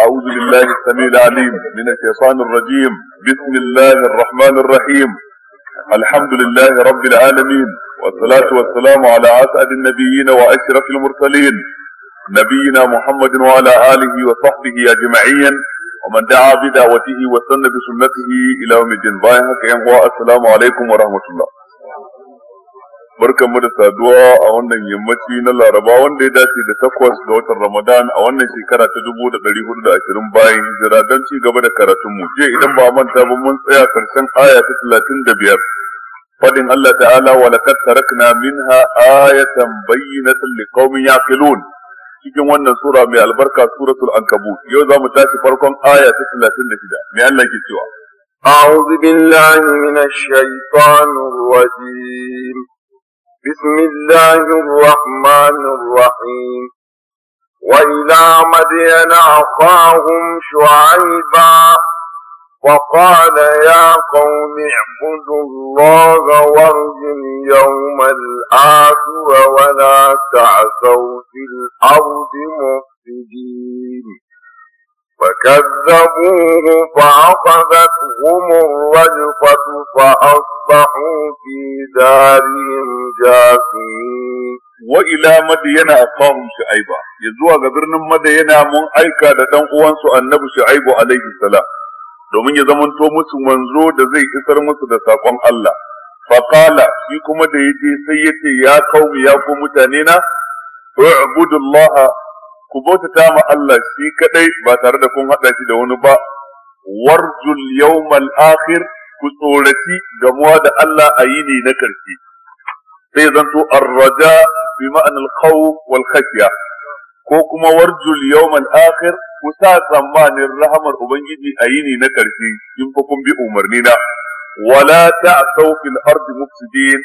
أعوذ بالله السميع العليم من الشيطان الرجيم بسم الله الرحمن الرحيم الحمد لله رب العالمين والصلاة والسلام على أسعد النبيين وأشرف المرسلين نبينا محمد وعلى آله وصحبه أجمعين ومن دعا بدعوته وسن بسنته إلى يوم الدين السلام عليكم ورحمة الله barkan mu da saduwa a wannan yammaci na laraba wanda ya dace da takwas ga watan ramadan a wannan shekara ta dubu da dari hudu da ashirin bayan hijira don ci gaba da karatunmu jiya idan ba manta ba mun tsaya karshen aya ta talatin da biyar faɗin allah ta'ala wa laqad tarakna minha ayatan bayyinatan liqaumin yaqilun cikin wannan sura mai albarka suratul ankabut yau za mu tashi farkon aya ta talatin da shida mai allah ke cewa أعوذ بالله من الشيطان الرجيم بسم الله الرحمن الرحيم وإلى مدين أخاهم شعيبا وقال يا قوم اعبدوا الله وارجوا اليوم الآخر ولا تعثوا في الأرض مفسدين فكذبوه فأخذتهم الرجفة فأصبحوا في دارهم جاثمين وإلى مدين أخاهم شعيبا يزوى غبرنا مدين من أيكا لدن أوانس النبي شعيب عليه السلام domin ya zamanto musu manzo da zai isar musu da sakon Allah faqala shi kuma da yaje sai yace ya kaumi ya mutanena? mutane na u'budullaha ku bautata ma Allah shi kadai ba tare da kun hada shi da wani ba warjul yawmal akhir ku tsoraci gamuwa da Allah a yini na karshe sai zanto ar-raja bi ma'anar al-khawf wal khashya ko kuma warjul yawmal akhir ku sa tsammanin rahamar ubangiji a yini na karshe in fa kun bi umarni na wala ta'thaw fil ardi mufsidin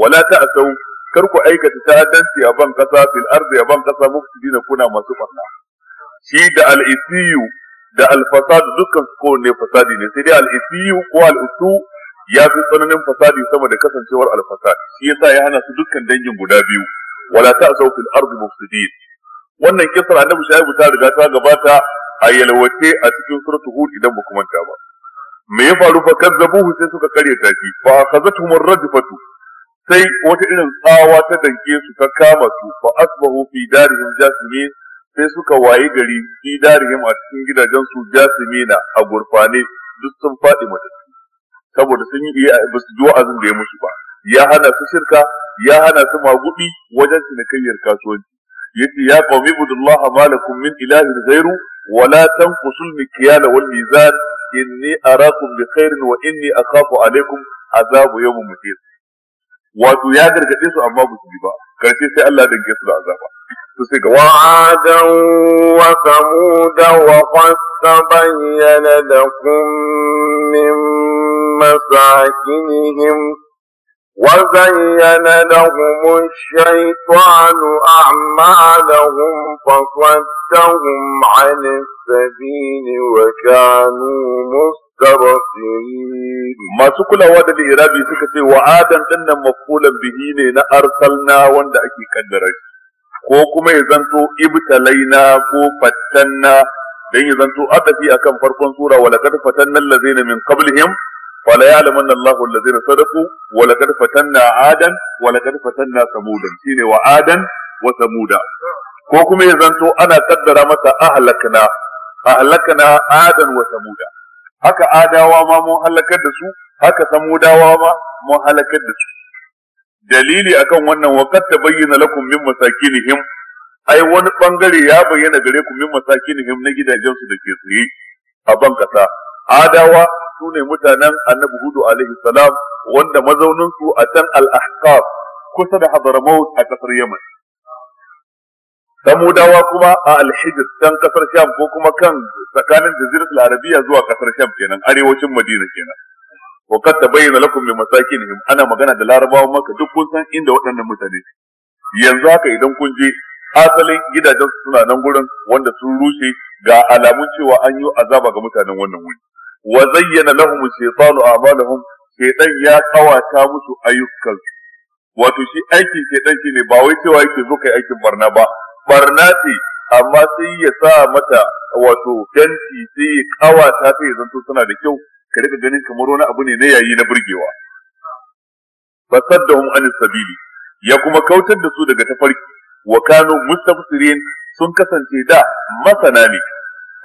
wala ta'thaw kar ku aikata ta'addanci a ban kasa fil ardi a ban kasa mufsidina kuna masu barna shi da al-isiyu da al-fasad dukkan su fasadi ne sai dai al-isiyu ko al-usu ya fi tsananin fasadi sama da kasancewar al-fasad shi yasa ya hana su dukkan dangin guda biyu wala ta'sau fil ardi mufsidin wannan kisar annabi shaibu ta riga ta gabata a yalwace a cikin suratul hud idan ba kuma ta ba me ya faru fa kazzabuhu sai suka karyata shi fa akhazatuhum ar-rajfatu sai wata irin tsawa ta danke su ta kama su fa asbahu fi darihim jasimin sai suka wayi gari fi darihim a cikin gidajen su jasimina a gurfane duk sun faɗi matattu saboda sun yi ba su ji wa'azin da ya musu ba ya hana su shirka ya hana su magudi wajen cinikayyar kasuwanci yace ya qaumi budullah ma min ilahin ghairu wala tanqusul mikyala wal mizan inni arakum bi khairin wa inni akhafu alaykum azabu yawmin wato ya gargaɗe su amma ba su bi ba karshe sai Allah danke su da azaba to sai ga wa'ada wa samuda wa qad tabayyana lakum min masakinihim وزين لهم الشيطان أعمالهم فصدهم عن السبيل وكانوا مصلحين Masu kulawa da ما suka ce الإرابي سكتي وعادا أن مفعولا به لنا أرسلنا wanda ake قدرش ko kuma ya zanto ibtalaina ko fattanna dan ya zanto adafi akan farkon sura wala kad fatanna allazina min qablihim wala ya'lamanna Allahu allazina sadaqu wala kad fatanna adan wala kad fatanna samudan shine wa adan wa samuda ko kuma ya zanto ana kaddara masa ahlakna ahlakna adan wa samuda haka adawa ma mun halakar da su haka samudawa ma mun halakar da su dalili akan wannan wa qad tabayyana lakum min masakinihim ai wani bangare ya bayyana gare ku min masakinihim na gidajen su dake tsaye a bankasa. adawa su ne mutanen annabi hudu alaihi salam wanda mazaunin su a can al-ahqaf kusa da hadramaut a kasar yaman samudawa kuma a alhijir can kasar sham ko kuma kan tsakanin jaziratul arabiya zuwa kasar sham kenan arewacin madina kenan wa qad tabayyana lakum min masakinihim ana magana da larabawa maka duk kun san inda waɗannan mutane yanzu haka idan kun je asalin gidajen suna nan gurin wanda sun rushe ga alamun cewa an yi azaba ga mutanen wannan wuri wa zayyana lahum shaytanu a'malahum shaytan ya kawata musu ayyukan wato shi aikin shaytan ne, ba wai cewa yake zo kai aikin barna ba barna ce amma sai ya sa mata wato fenti sai ya ta sai ya zanto suna da kyau ka rika ganin kamar wani abu ne na yayi na burgewa fasaddahum an sabili ya kuma kautar da su daga tafarki wa kanu mustafsirin sun kasance da masana ne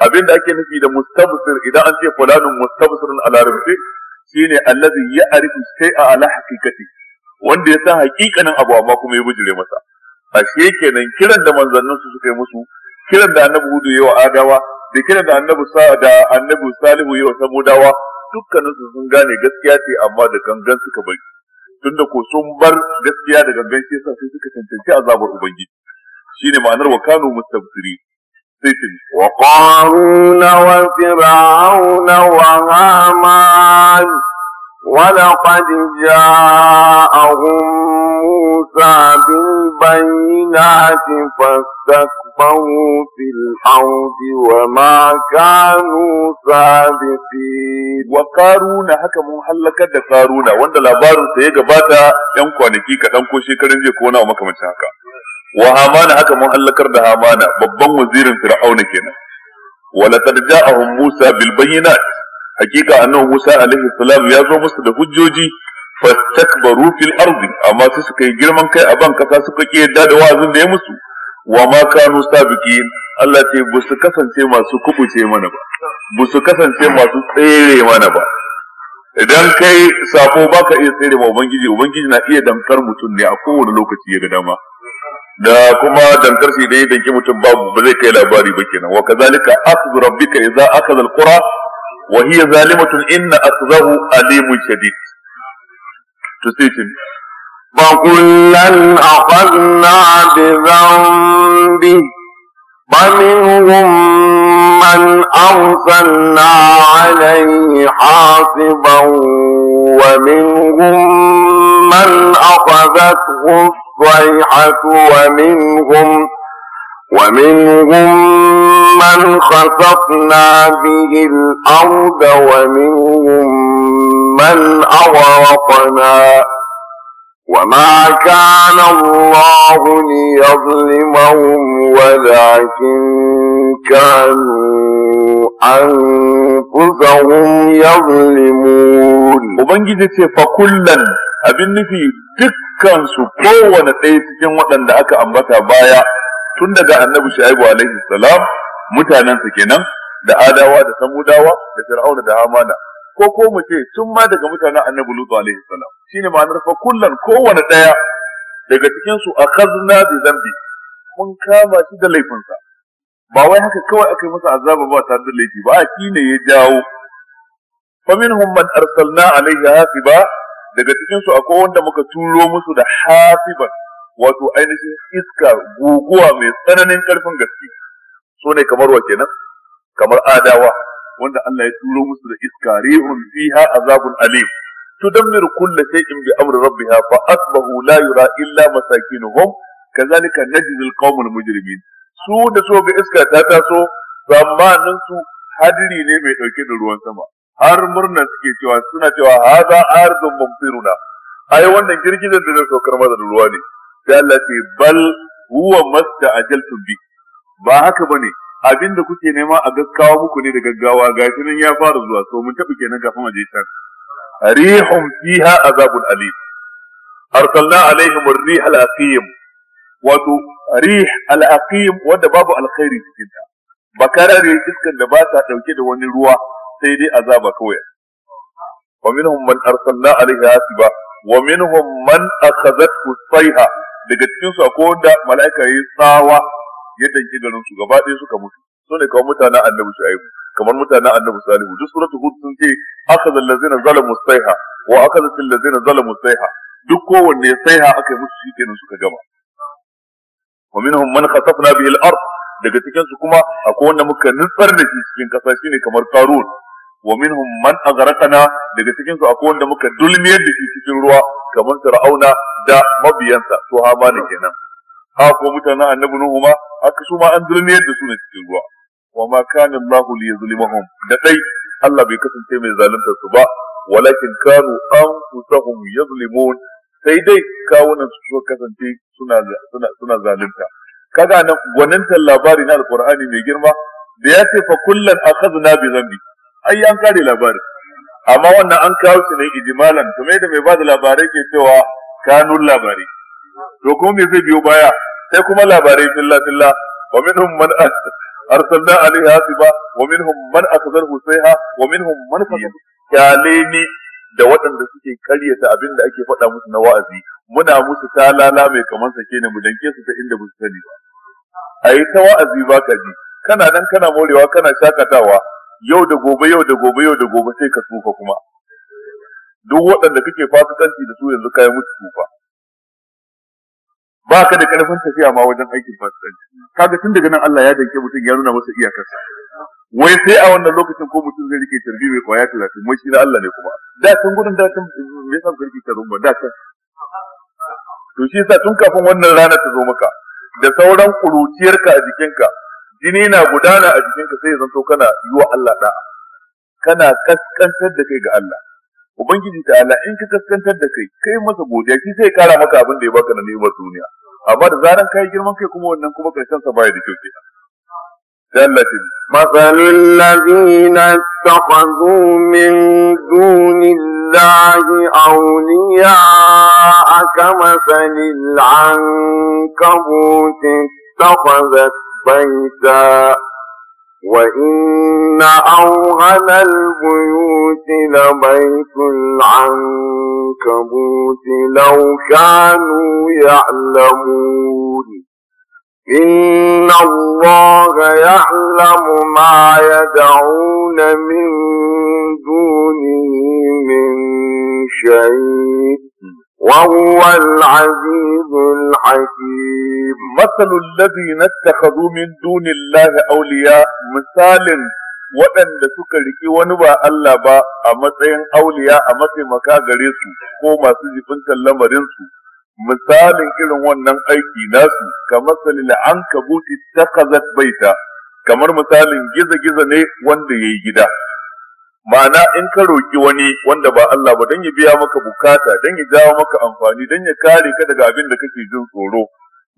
abin da ake nufi da mustafsir idan an ce fulanun mustafsirun ala rufi shine allazi ya'rifu shay'a ala haqiqati wanda ya san haƙiƙanin abu amma kuma ya bujire masa ashe kenan kiran da manzannin su suka yi musu kiran da annabi hudu wa adawa da kiran da annabi sa da annabi salihu yawa samudawa dukkanin su sun gane gaskiya ce amma da gangan suka bari tunda ko sun bar gaskiya da gangan shi yasa sai suka cancanci azabar ubangiji shine ma'anar wa kanu mustabsiri sai ce wa qarun wa fir'aun wa haman ولقد جاءهم موسى بالبينات فاستكبروا في الحوض وما كانوا سابقين وقارون هكا مهلكة دا قارون وان لابارن سيجا باتا ينكو عنكي كتنكو شكرن جيكونا ومكمن شاكا وهامان هكا مهلكة دا هامان ببن وزير فرعون كينا ولقد جاءهم موسى بالبينات hakika annabi Musa alaihi salam ya zo musu da hujjoji fastakbaru fil ardi amma su suka yi girman kai a ban kasa suka ki yadda da wa'azin da ya musu wa ma kanu sabiqin Allah ce ba su kasance masu kubuce mana ba ba su kasance masu tsere mana ba idan kai sako baka iya tsere ma ubangiji ubangiji na iya dankar mutum ne a kowane lokaci ya ga dama da kuma dankar shi dai danki mutum babu ba zai kai labari ba kenan wa kazalika aka rabbika idza akhadha alqura wa hiya zalimatun inna akhdahu alimun shadid تسيتم فكلا أخذنا بذنبه ومنهم من أرسلنا عليه حاصبا ومنهم من أخذته الصيحة ومنهم ومنهم من خسفنا به الأرض ومنهم ممن أغرقنا وما كان الله ليظلمهم ولكن كانوا أنفسهم يظلمون وبنجي فكلا abin nufi dukkansu kowane ɗaya cikin waɗanda aka ambata baya tun daga annabi shaibu alaihi salam mutanensa kenan da adawa da samudawa da fir'auna da hamana ko ko mu ce tun ma daga mutanen annabi lutu alaihi salam shine ma'anar fa kullan kowane daya daga cikin su akhazna bi zambi mun kama shi da laifinsa ba wai haka kawai aka yi masa azaba ba tare da laifi ba shi ne ya jawo fa minhum man arsalna alaihi hasiba daga cikin su akwai wanda muka turo musu da hasiba wato ainihin iska guguwa mai tsananin karfin gaske so ne kamar wa kenan kamar adawa wanda Allah ya turo musu da iska rihun fiha azabun alim tudammiru kulla shay'in bi amri rabbiha fa asbahu la yura illa masakinuhum kazalika najzi alqawmul mujrimin su da so ga iska ta taso samaninsu su hadiri ne mai dauke da ruwan sama har murna suke cewa suna cewa hadha ardun mumtiruna ai wannan girgizar da zai saukar maza da ruwa ne sai Allah ce bal huwa masta ajaltum bi ba haka bane abin da kuke nema a gaggawa muku ne da gaggawa ga shi nan ya fara zuwa so mun taɓa kenan kafin a je can rihum fiha azabun alim arsalna alaihim ar-rih al-aqim wato rih al-aqim wanda babu alkhairi cikin ta bakara ne iskan da ba ta dauke da wani ruwa sai dai azaba kawai wa minhum man arsalna alaihi hasiba wa minhum man akhadhat sayha daga cikin su akwai wanda mala'ika yi tsawa ya danki garin su gaba ɗaya suka mutu su ne kawai mutanen annabi shu'aibu kamar mutanen annabi salihu duk suratu hud sun ce aka akhadha allazina zalamu sayha wa aka akhadhat allazina zalamu sayha duk kowanne saiha aka yi musu shi kenan suka gama wa minhum man khasafna bihi al-ard daga cikin su kuma akwai wanda muka nutsar da shi cikin kasa shine kamar karun wa minhum man aghraqna daga cikin su akwai wanda muka dulmiyar da shi cikin ruwa kamar fir'auna da mabiyansa to ha bana kenan A'a ko mutanen annabi nuhu ma haka su ma an zulmiyar da su ne cikin ruwa wa ma kana Allah li yuzlimahum da dai Allah bai kasance mai zalunta su ba walakin kanu anfusahum yuzlimun sai dai kawunan su kasance suna suna suna zalunta kaga nan gwanintan labari na alqur'ani mai girma da ya ce fa kullan akhadna bi zambi ai an kare labarin amma wannan an kawo shi ne ijmalan kamar yadda mai ba da labarai ke cewa kanun labarai to kuma me zai biyo baya sai kuma labarai billa billa wa minhum man arsalna alaiha tiba wa minhum man akzahu sayha wa minhum man kalini da waɗanda suke karyata abinda da ake faɗa musu na wa'azi muna musu talala mai kamar sake ne mu danke su ta inda ba su sani ba a yi ta wa'azi ba ka ji kana nan kana morewa kana shakatawa yau da gobe yau da gobe yau da gobe sai ka tsufa kuma duk waɗanda kake fasikanci da su yanzu kaya musu tsufa ba ka da karfin tafiya ma wajen aikin fasikanci kaga tun daga nan Allah ya danke mutum ya nuna masa iyakarsa wai sai a wannan lokacin ko mutum zai rike tarbi mai kwaya talatin mai shi na Allah ne kuma da tun gudun da tun me yasa ka rike tarbi da can to shi yasa tun kafin wannan rana ta zo maka da sauran kuruciyarka a jikinka jini na gudana a jikinka sai ya zanto kana yiwa Allah da'a kana kaskantar da kai ga Allah ubangiji ta ala in ka kaskantar da kai kai masa godiya shi sai kara maka abin da ya baka na ni'imar duniya amma da zaran kai girman kai kuma wannan kuma karshen sa baya da kyau kenan مثل الذين اتخذوا من aka الله أولياء كمثل العنكبوت اتخذت بيتا وإن أوهن البيوت لبيت العنكبوت لو كانوا يعلمون إن الله يعلم ما يدعون من دونه من شيء وهو العزيز الحكيم مثل الذين اتخذوا من دون الله أولياء مثال waɗanda suka riƙi wani ba Allah ba a matsayin auliya a mataimaka gare su ko masu jibintar lamarinsu misalin irin wannan aiki nasu kamar salila an kabuti ta baita kamar misalin giza-giza ne wanda ya yi gida ma'ana in ka roƙi wani wanda ba Allah ba don ya biya maka bukata don ya jawo maka amfani don ya kare ka daga abin da kake jin tsoro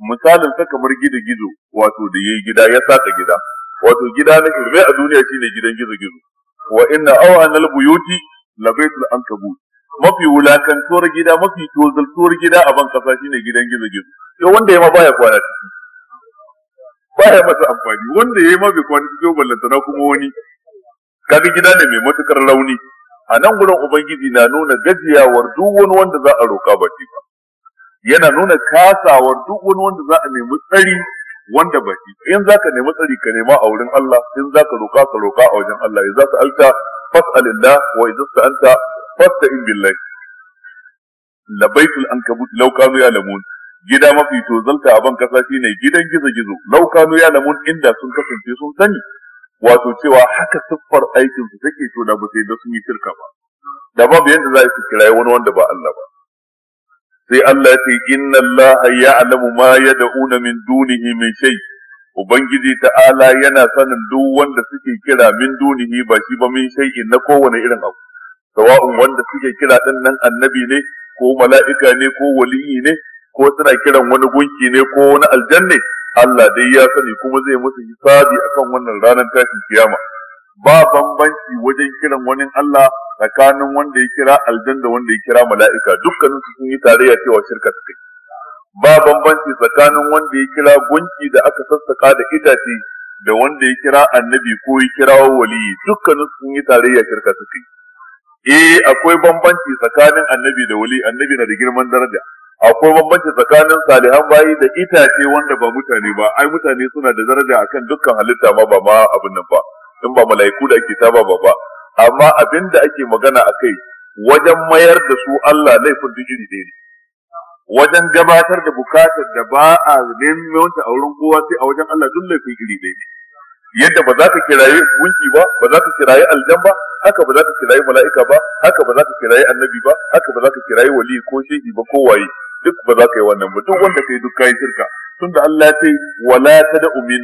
misalin sa kamar gida gizo wato da yayi gida ya saka gida wato gida na kirme a duniya shine gidan gizo gizo wa inna awana albuyuti labaitul ankabut mafi wulakantuwar gida mafi tozaltuwar gida a ban kasa shine gidan gizo gizo to wanda ya ma baya kwana ciki baya masa amfani wanda ya yi ma bai kwana ciki ballantana kuma wani kaga gida ne mai matukar rauni a nan gurin ubangiji na nuna gajiyawar duk wani wanda za a roƙa ba shi ba yana nuna kasawar duk wani wanda za a nemi tsari wanda ba shi in zaka nemi tsari ka nema a wurin Allah in zaka roƙa ka roƙa a wajen Allah idza sa'alta fas'alillah wa idza sa'alta fasta'in billahi labaitul ankabut law kanu ya'lamun gida mafi zalta a ban kasa shine gidan gizo gizo law kanu ya'lamun inda sun kasance sun sani wato cewa haka siffar aikin su take to da ba sai da sun yi shirka ba da babu yadda za su kirayi wani wanda ba Allah ba sai Allah ce inna Allah ya'lamu ma yad'una min dunihi min shay ubangiji ta'ala yana sanin duk wanda suke kira min dunihi ba shi ba min shay'in na kowane irin abu sawa'un wanda suke kira din nan annabi ne ko mala'ika ne ko waliyi ne ko suna kiran wani gunki ne ko wani ne? Allah dai ya sani kuma zai musu hisabi akan wannan ranar tashin kiyama ba bambanci wajen kiran wani Allah tsakanin wanda ya kira aljan da wanda ya kira mala'ika dukkanin su sun yi tarayya cewa shirka ta kai ba bambanci tsakanin wanda ya kira gunki da aka sassaka da itace da wanda ya kira annabi ko ya kira wali dukkanin su sun yi tarayya shirka ta kai eh akwai bambanci tsakanin annabi da wali annabi na da girman daraja akwai bambanci tsakanin salihan bayi da itace wanda ba mutane ba ai mutane suna da daraja akan dukkan halitta ma ba ma abin nan ba in ba mala'iku da ake taba ba ba amma abin da ake magana akai wajen mayar da su Allah laifin digiri ne wajen gabatar da bukatar da ba a neman ta a wurin kowa sai a wajen Allah duk laifin iri ne yadda ba za ka kirayi gunki ba ba za ka kirayi aljan ba haka ba za ka kirayi mala'ika ba haka ba za ka kirayi annabi ba haka ba za ka kirayi wali ko shehi ba ko waye duk ba za ka yi wannan ba duk wanda kai duk kai shirka tunda Allah ya ce wala tad'u min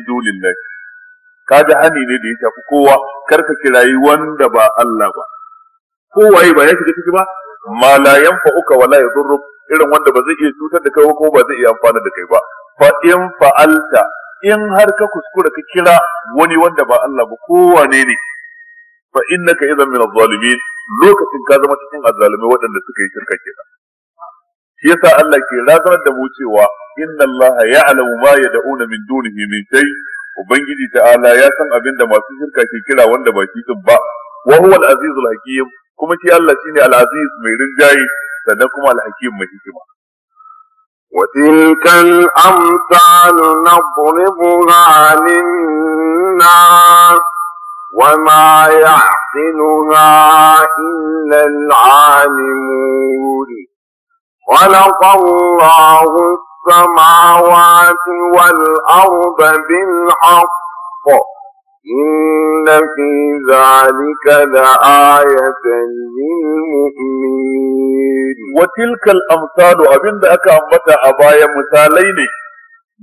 Ka kaga hani ne da ya shafi kowa kar ka kirayi wanda ba Allah ba kowaye ba ya shiga ciki ba ma la uka wala zurru irin wanda ba zai iya cutar da kai ba ko ba zai iya amfana da kai ba fa in fa'alta in har ka kuskura ka kira wani wanda ba Allah ba kowa ne fa innaka idan min az-zalimin lokacin ka zama cikin azzalumai waɗanda suka yi shirka kenan shi yasa Allah ke razanar da mu cewa inna Allah ya'lamu ma yad'una min dunihi min shay ubangiji ta'ala ya san abin da masu shirka ke kira wanda ba shi din ba wa huwa al-azizul hakim kuma shi Allah shine al-aziz mai rinjaye sannan kuma al-hakim mai hikima وتلك الأمثال نضربها للناس وما يحسنها إلا العالمون خلق الله السماوات والأرض بالحق إن في ذلك لآية للمؤمنين وتلك الأمثال أبند أكا أمتا أبايا مثالين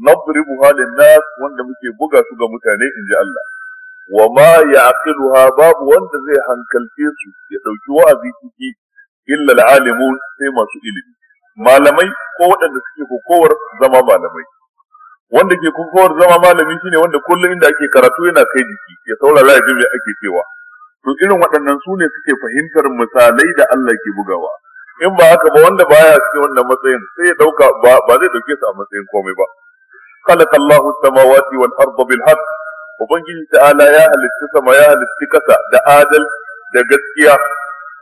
نضربها للناس وند مكي بقى سوغا متاني إن جاء الله وما يعقلها باب وانت زي هنكلتيسو يدوكي وأزيكي إلا العالمون سيما سئلين malamai ko waɗanda suke kokowar zama malamai wanda ke kokowar zama malami shine wanda kullum inda ake karatu yana kai jiki ya saurara ya ake cewa to irin waɗannan sune suke fahimtar misalai da Allah ke bugawa in ba haka ba wanda baya cikin wannan matsayin sai ya dauka ba zai dauke su a matsayin komai ba khalaqa Allahu samawati wal arda bil haqq ubangiji ta'ala ya halitta sama ya halitta kasa da adal da gaskiya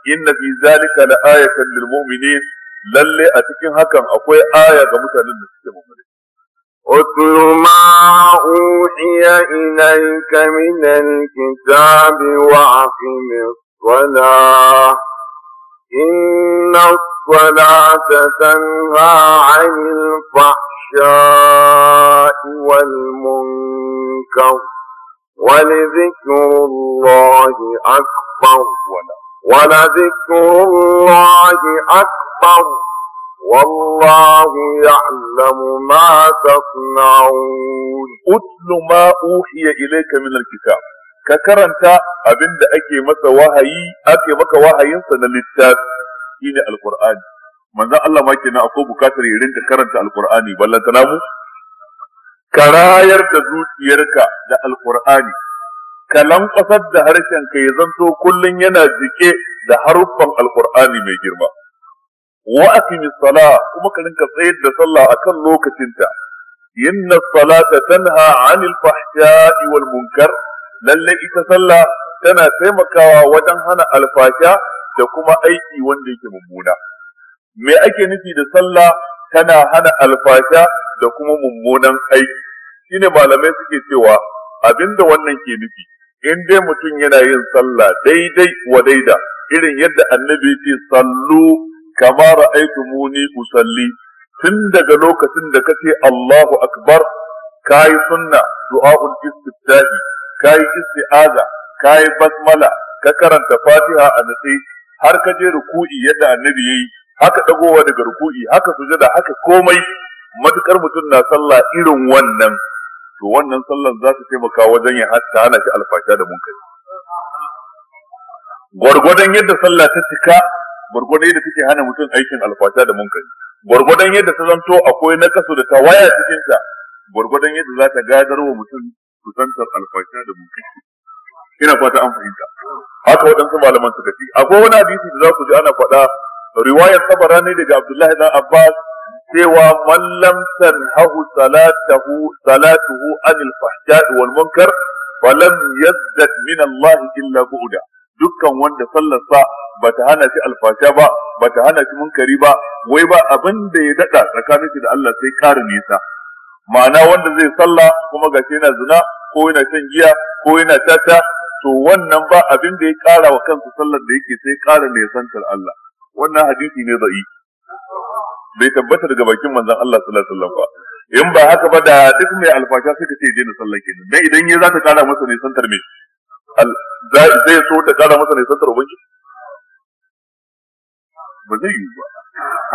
inna fi zalika la ayatan lil mu'minin Lalle a cikin hakan akwai aya ga mutanen da suke. Usman wuya ina yi kaminan kitabu a asibiti na kwallon, ina kwallon ta canza a ammin fasha, in wani mun ولذكر الله أكبر والله يعلم ما تصنعون أتل ما أوحي إليك من الكتاب ككرنت أبند أكي مسا وهي أكي مكا وهي ينسن للتاب إني القرآن من ذا الله ما يتنا أقوب كاتر يرنت كرنت القرآن بل تنامو كراير تزوت يركا ذا القرآن ka lankwasar da harshen ka ya zanto kullum yana jike da haruffan alkur'ani mai girma wa aqimi sala kuma ka rinka tsayar da sallah akan lokacinta inna salata tanha 'anil fahsha'i wal munkar lalle ita sallah tana taimakawa wajen hana alfasha da kuma aiki wanda yake mummuna me ake nufi da sallah tana hana alfasha da kuma mummunan aiki shine malamai suke cewa abinda wannan ke nufi in dai mutum yana yin sallah daidai wa daida irin yadda annabi yake sallu kama muni usalli tun daga lokacin da kace Allahu akbar kai sunna du'aul istiftahi kai isti'aza kai basmala ka karanta fatiha a natsi har ka je ruku'i yadda annabi yayi haka dagowa daga ruku'i haka sujada haka komai matukar mutum na sallah irin wannan to wannan sallan za ta taimaka wajen ya hatta hana shi alfasha da munkari gwargwadon yadda sallah ta cika gwargwadon yadda take hana mutum aikin alfasha da munkari gwargwadon yadda ta zanto akwai nakasu da tawaya cikin sa gwargwadon yadda za ta gadar wa mutum kusantar alfasha da munkari ina fata an fahimta haka waɗansu malaman suka ce akwai wani hadisi da za ku ji ana faɗa riwayar tabarani daga Abdullahi dan Abbas cewa mallam tanhahu salatahu salatuhu anil fahsha'i wal munkar falam yazdad min Allah illa bu'da dukkan wanda sallarsa ba bata hana shi alfasha ba bata hana shi munkari ba wai ba abin da ya dada tsakanin shi da Allah sai ƙara nisa ma'ana wanda zai sallah kuma gashi yana zina ko yana shan giya ko yana tata to wannan ba abin da ya kara wa kansa sallar da yake sai ƙara nisantar Allah wannan hadisi ne da'i bai tabbata daga bakin manzon Allah sallallahu alaihi wasallam ba in ba haka ba da duk mai alfasha sai ka ce daina sallah kenan dan idan ya za ta kara masa ne santar me zai so ta kara masa ne santar ubangi ba zai yi ba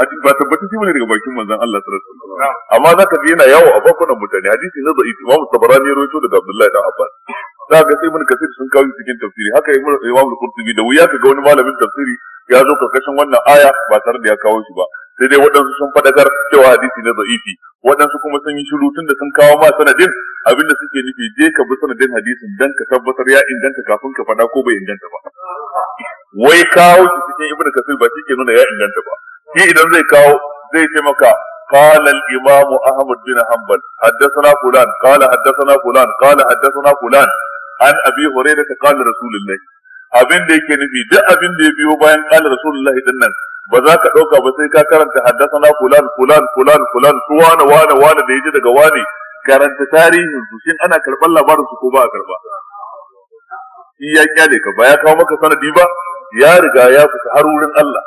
hadisi ba tabbata shi bane daga bakin manzon Allah sallallahu alaihi wasallam amma zaka ji yana yawo a bakunan mutane hadisi na da'ifi Imam Tabarani rawaito daga Abdullahi da Abbas za ga sai mun kace sun kawo cikin tafsiri haka Imam Al-Qurtubi da wuya ka ga wani malamin tafsiri ya zo karkashin wannan aya ba tare da ya kawo shi ba sai dai waɗansu sun faɗakar cewa hadisi na za'ifi. waɗansu kuma sun yi shiru da sun kawo ma sanadin abinda suke nufi je ka bi sanadin hadisin dan ka tabbatar ya inganta kafin ka faɗa ko bai inganta ba wai kawo shi cikin ibnu kasir ba shi ke nuna ya inganta ba shi idan zai kawo zai taimaka maka قال الإمام أحمد بن حنبل حدثنا فلان قال حدثنا فلان قال حدثنا فلان عن أبي هريرة قال رسول الله abin da yake nufi duk abin da ya biyo bayan kala rasulullahi din nan ba za ka ɗauka ba sai ka karanta haddasana fulan fulan fulan fulan su wane wane wane da ya ji daga wane karanta tarihin su shin ana karɓar labarin su ko ba a karɓa shi ya kyale ka ba ya kawo maka sanadi ba ya riga ya fita har wurin Allah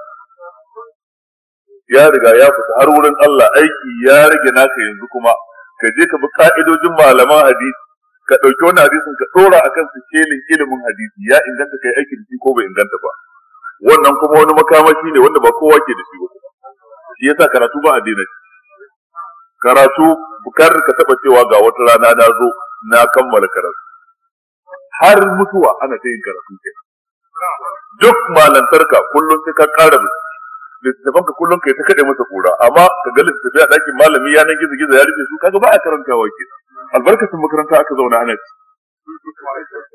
ya riga ya fita har wurin Allah aiki ya rage naka yanzu kuma ka je ka bi ka'idojin malaman hadisi ka ɗauki wani hadisin ka ɗora akan sikelin ilimin hadisi ya inganta yi aikin shi ko bai inganta ba wannan kuma wani makamashi ne wanda ba kowa ke da shi ba shi yasa karatu ba shi? karatu bukar ka taba cewa ga wata rana na zo na kammala karatu har mutuwa ana ta yin karatu ke duk malantarka kullum sai ka kara littattafan ka kullum kai ta kaɗe masa kura amma ka ga littattafai a ɗakin malami yanan gizo gizo ya rufe su kaga ba a karantawa ke albarkacin makaranta aka zauna ana ci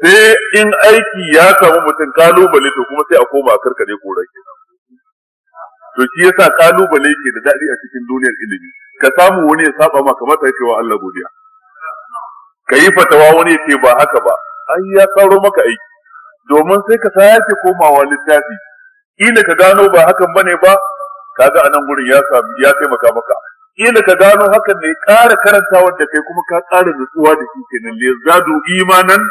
sai in aiki ya samu mutum kalubale to kuma sai a koma a karkare kora kenan to shi yasa kalubale ke da daɗi a cikin duniyar ilimi ka samu wani ya saba ma kamar ta cewa Allah godiya ka yi fatawa wani ya ce ba haka ba ai ya tsaro maka aiki domin sai ka sake komawa littafi kila ka gano ba hakan bane ba kaga anan gurin ya ya taimaka maka kila ka gano hakan ne ƙara karanta wanda kai kuma ka ƙara nutsuwa da shi kenan le zadu imanan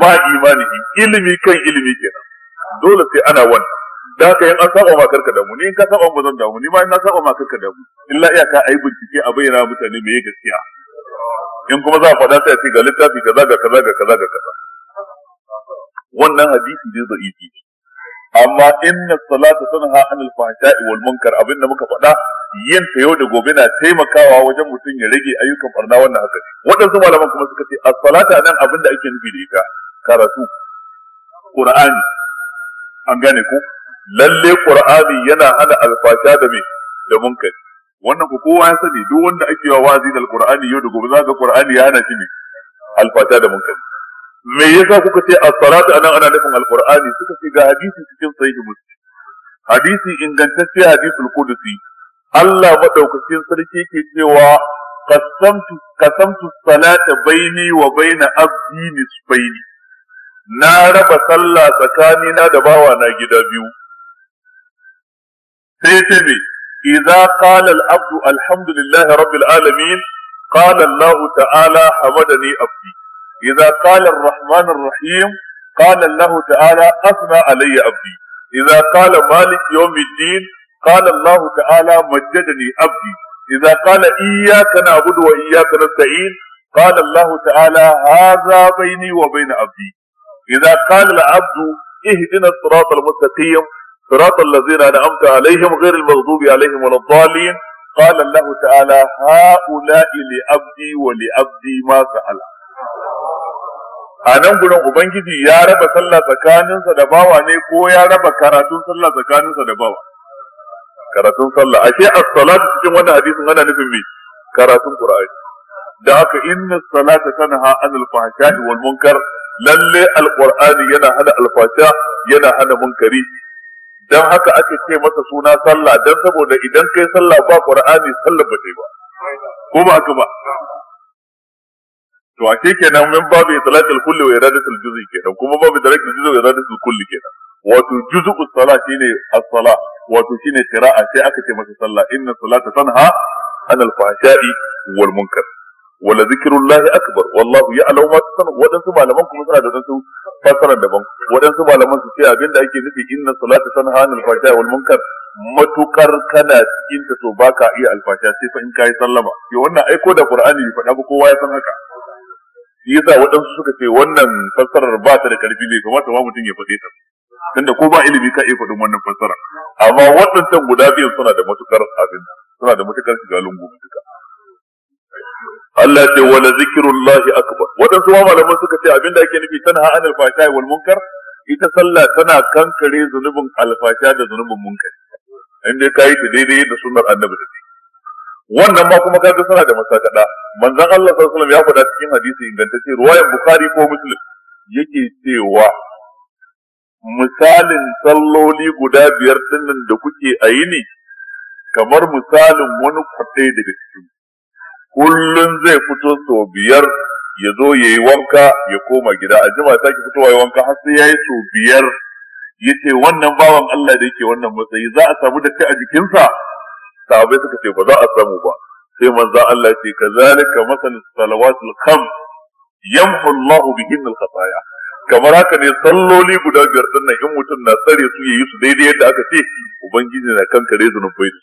ma imani ilimi kan ilimi kenan dole sai ana wannan da haka in an saba ma karka damu ni in ka saba ba zan damu ni ma in na saba ma karka damu illa iya ka ayi bincike a bayyana mutane me ya gaskiya in kuma za a faɗa sai a ce ga littafi kaza ga kaza ga kaza ga kaza wannan hadisi ne da'ifi amma inna salata tanha anil fahsha'i wal munkar abinda muka faɗa yin ta yau da gobe na taimakawa wajen mutum ya rage ayyukan barna wannan haka waɗansu malaman kuma suka ce as-salata nan abinda ake nufi da ita karatu qur'ani an gane ku lalle qur'ani yana hana alfasha da me da munkar wannan ku kowa ya sani duk wanda ake wa wazi da alqur'ani yau da gobe za ga qur'ani ya hana shi ne alfasha da munkar me yasa kuka ce as-salatu anan ana nufin alqur'ani suka ce ga hadisi cikin sahih muslim hadisi ingantacce hadisul qudsi Allah madaukakin sarki ke cewa qasamtu qasamtu salata baini wa baina abdi nisfaini na raba sallah tsakanina da bawa na gida biyu sai ta me idza qala al-abdu alhamdulillahi rabbil alamin qala Allah ta'ala hamadani abdi إذا قال الرحمن الرحيم قال الله تعالى أثنى علي عبدي إذا قال مالك يوم الدين قال الله تعالى مجدني عبدي إذا قال إياك نعبد وإياك نستعين قال الله تعالى هذا بيني وبين عبدي إذا قال العبد اهدنا الصراط المستقيم صراط الذين أنعمت عليهم غير المغضوب عليهم ولا الضالين قال الله تعالى هؤلاء لعبدي ولعبدي ما سأل a nan gurin ubangiji ya raba sallah tsakaninsa da bawa ne ko ya raba karatun sallah tsakaninsa da bawa karatun sallah ashe as-salatu cikin wannan hadisin ana nufin me karatun qur'ani da haka inna salata tanha anil fahsha'i wal munkar lalle alqur'ani yana hana alfasha yana hana munkari dan haka ake ce masa suna sallah dan saboda idan kai sallah ba qur'ani sallah ba ta ba ko ba haka ba to a ce kenan min babu salatul kulli wa iradatul juz'i kenan kuma babu darajatul juz'i wa iradatul kulli kenan wato juz'u sala shine as-sala wato shine qira'a sai aka ce masa sallah inna salata tanha anil fahsha'i wal munkar wala zikrullahi akbar wallahu ya'lamu ma tasnun wadansu malaman kuma suna da wadansu fasara daban wadansu malaman su ce abinda ake nufi inna salata tanha anil fahsha'i wal munkar matukar kana cikin ta to baka iya alfasha sai fa in kai sallama yo wannan aiko da qur'ani ne faɗa ba kowa ya san haka shi yasa waɗansu suka ce wannan fassarar ba ta da ƙarfi bai kamata ma mutum ya faɗe ta tunda ko ba ilimi ka iya faɗin wannan fassara amma waɗancan guda biyan suna da matukar abin suna da matukar shiga lungu duka Allah ce wala zikrullahi akbar waɗansu ma malaman suka ce abin da ake nufi tana anil fahsha wal munkar ita sallah tana kankare zunubin alfasha da zunubin munkar in dai kayi ta daidai da sunnar annabi da wannan ma kuma kaga suna da masakada manzon Allah sallallahu alaihi wasallam ya faɗa cikin hadisi ingantacce ruwayan bukhari ko muslim yake cewa misalin salloli guda biyar dinnan da kuke a yi ne kamar misalin wani kwate daga cikin kullun zai fito sau biyar ya zo ya yi wanka ya koma gida a jima ta ki fitowa ya wanka har sai ya yi sau biyar ya ce wannan bawan Allah da yake wannan matsayi za a samu da datti a jikinsa sahabbai suka ce ba za a samu ba sai manzo Allah ce kazalika masal salawatul khams yamhu Allah bihin al khataya kamar haka ne salloli guda biyar din nan in mutum na tsare su yayi su daidai yadda aka ce ubangiji na kankare zunubai su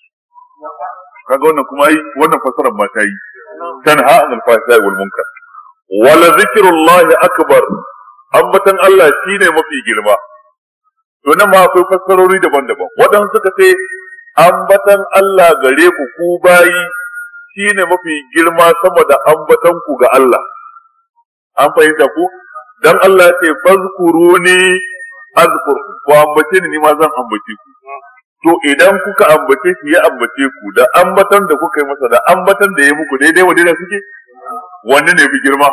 kaga wannan kuma ai wannan fasarar ma ta yi tanha anil fahsai wal munkar wala zikrullahi akbar ambatan Allah shine mafi girma to nan ma akwai fassarori daban-daban waɗansu suka ce ambatan Allah gare ku ku bayi shine mafi girma sama da ambatan ku ga Allah an fahimta ku dan Allah ce fazkuruni azkur ku ambace ni ma zan ambace ku to idan kuka ambace shi ya ambace ku da ambatan da kuka yi masa da ambatan da ya muku daidai wa daidai suke wanne ne bi girma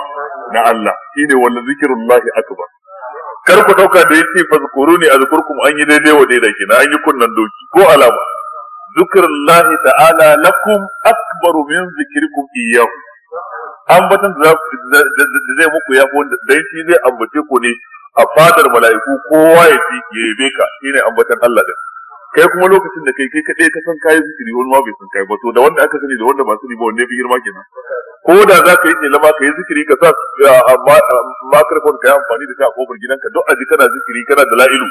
na Allah shine walla zikrullahi akbar kar ku dauka da yace fazkuruni azkurkum an yi daidai wa daidai kina an yi kunnan doki ko alama zikrullahi ta'ala lakum akbaru min zikrikum iyyahu ambatan da zai muku ya wanda dan shi zai ambace ku ne a fadar mala'iku kowa ya ji yabe ka shine ambatan Allah din kai kuma lokacin da kai kai kadai ka san kai zikiri wani ma bai san kai ba to da wanda aka sani da wanda ba sani ba wanda bi girma kenan ko da za ka yi lama ka yi zikiri ka sa makarfon ka yi amfani da ta a kofar gidanka duk a ji kana zikiri kana da la'ilu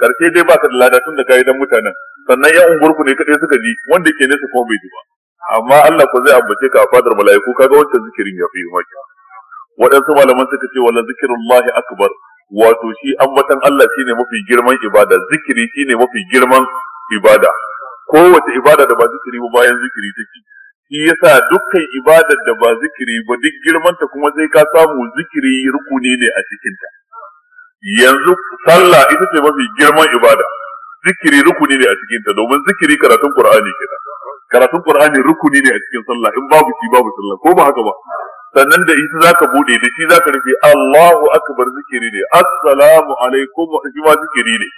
karshe dai baka da lada tun da ka yi dan mutanen sannan ya ungurku ne kadai suka ji wanda ke nesa kuma bai ji ba amma Allah ko zai ambace ka a fadar mala'iku kaga wancan zikirin ya fi maka waɗansu malaman suka ce wala zikirullahi akbar wato shi ambatan Allah shine mafi girman ibada zikiri shine mafi girman ibada kowace ibada da ba zikiri ba bayan zikiri take shi yasa dukkan ibadar da ba zikiri ba duk girmanta kuma sai ka samu zikiri rukuni ne a cikinta yanzu sallah ita ce mafi girman ibada zikiri rukuni ne a cikin ta domin zikiri karatun qur'ani kenan karatun qur'ani rukuni ne a cikin sallah in babu shi babu sallah ko ba haka ba sannan da ita zaka bude da shi zaka rufe Allahu akbar zikiri ne assalamu alaikum wa shi ma zikiri ne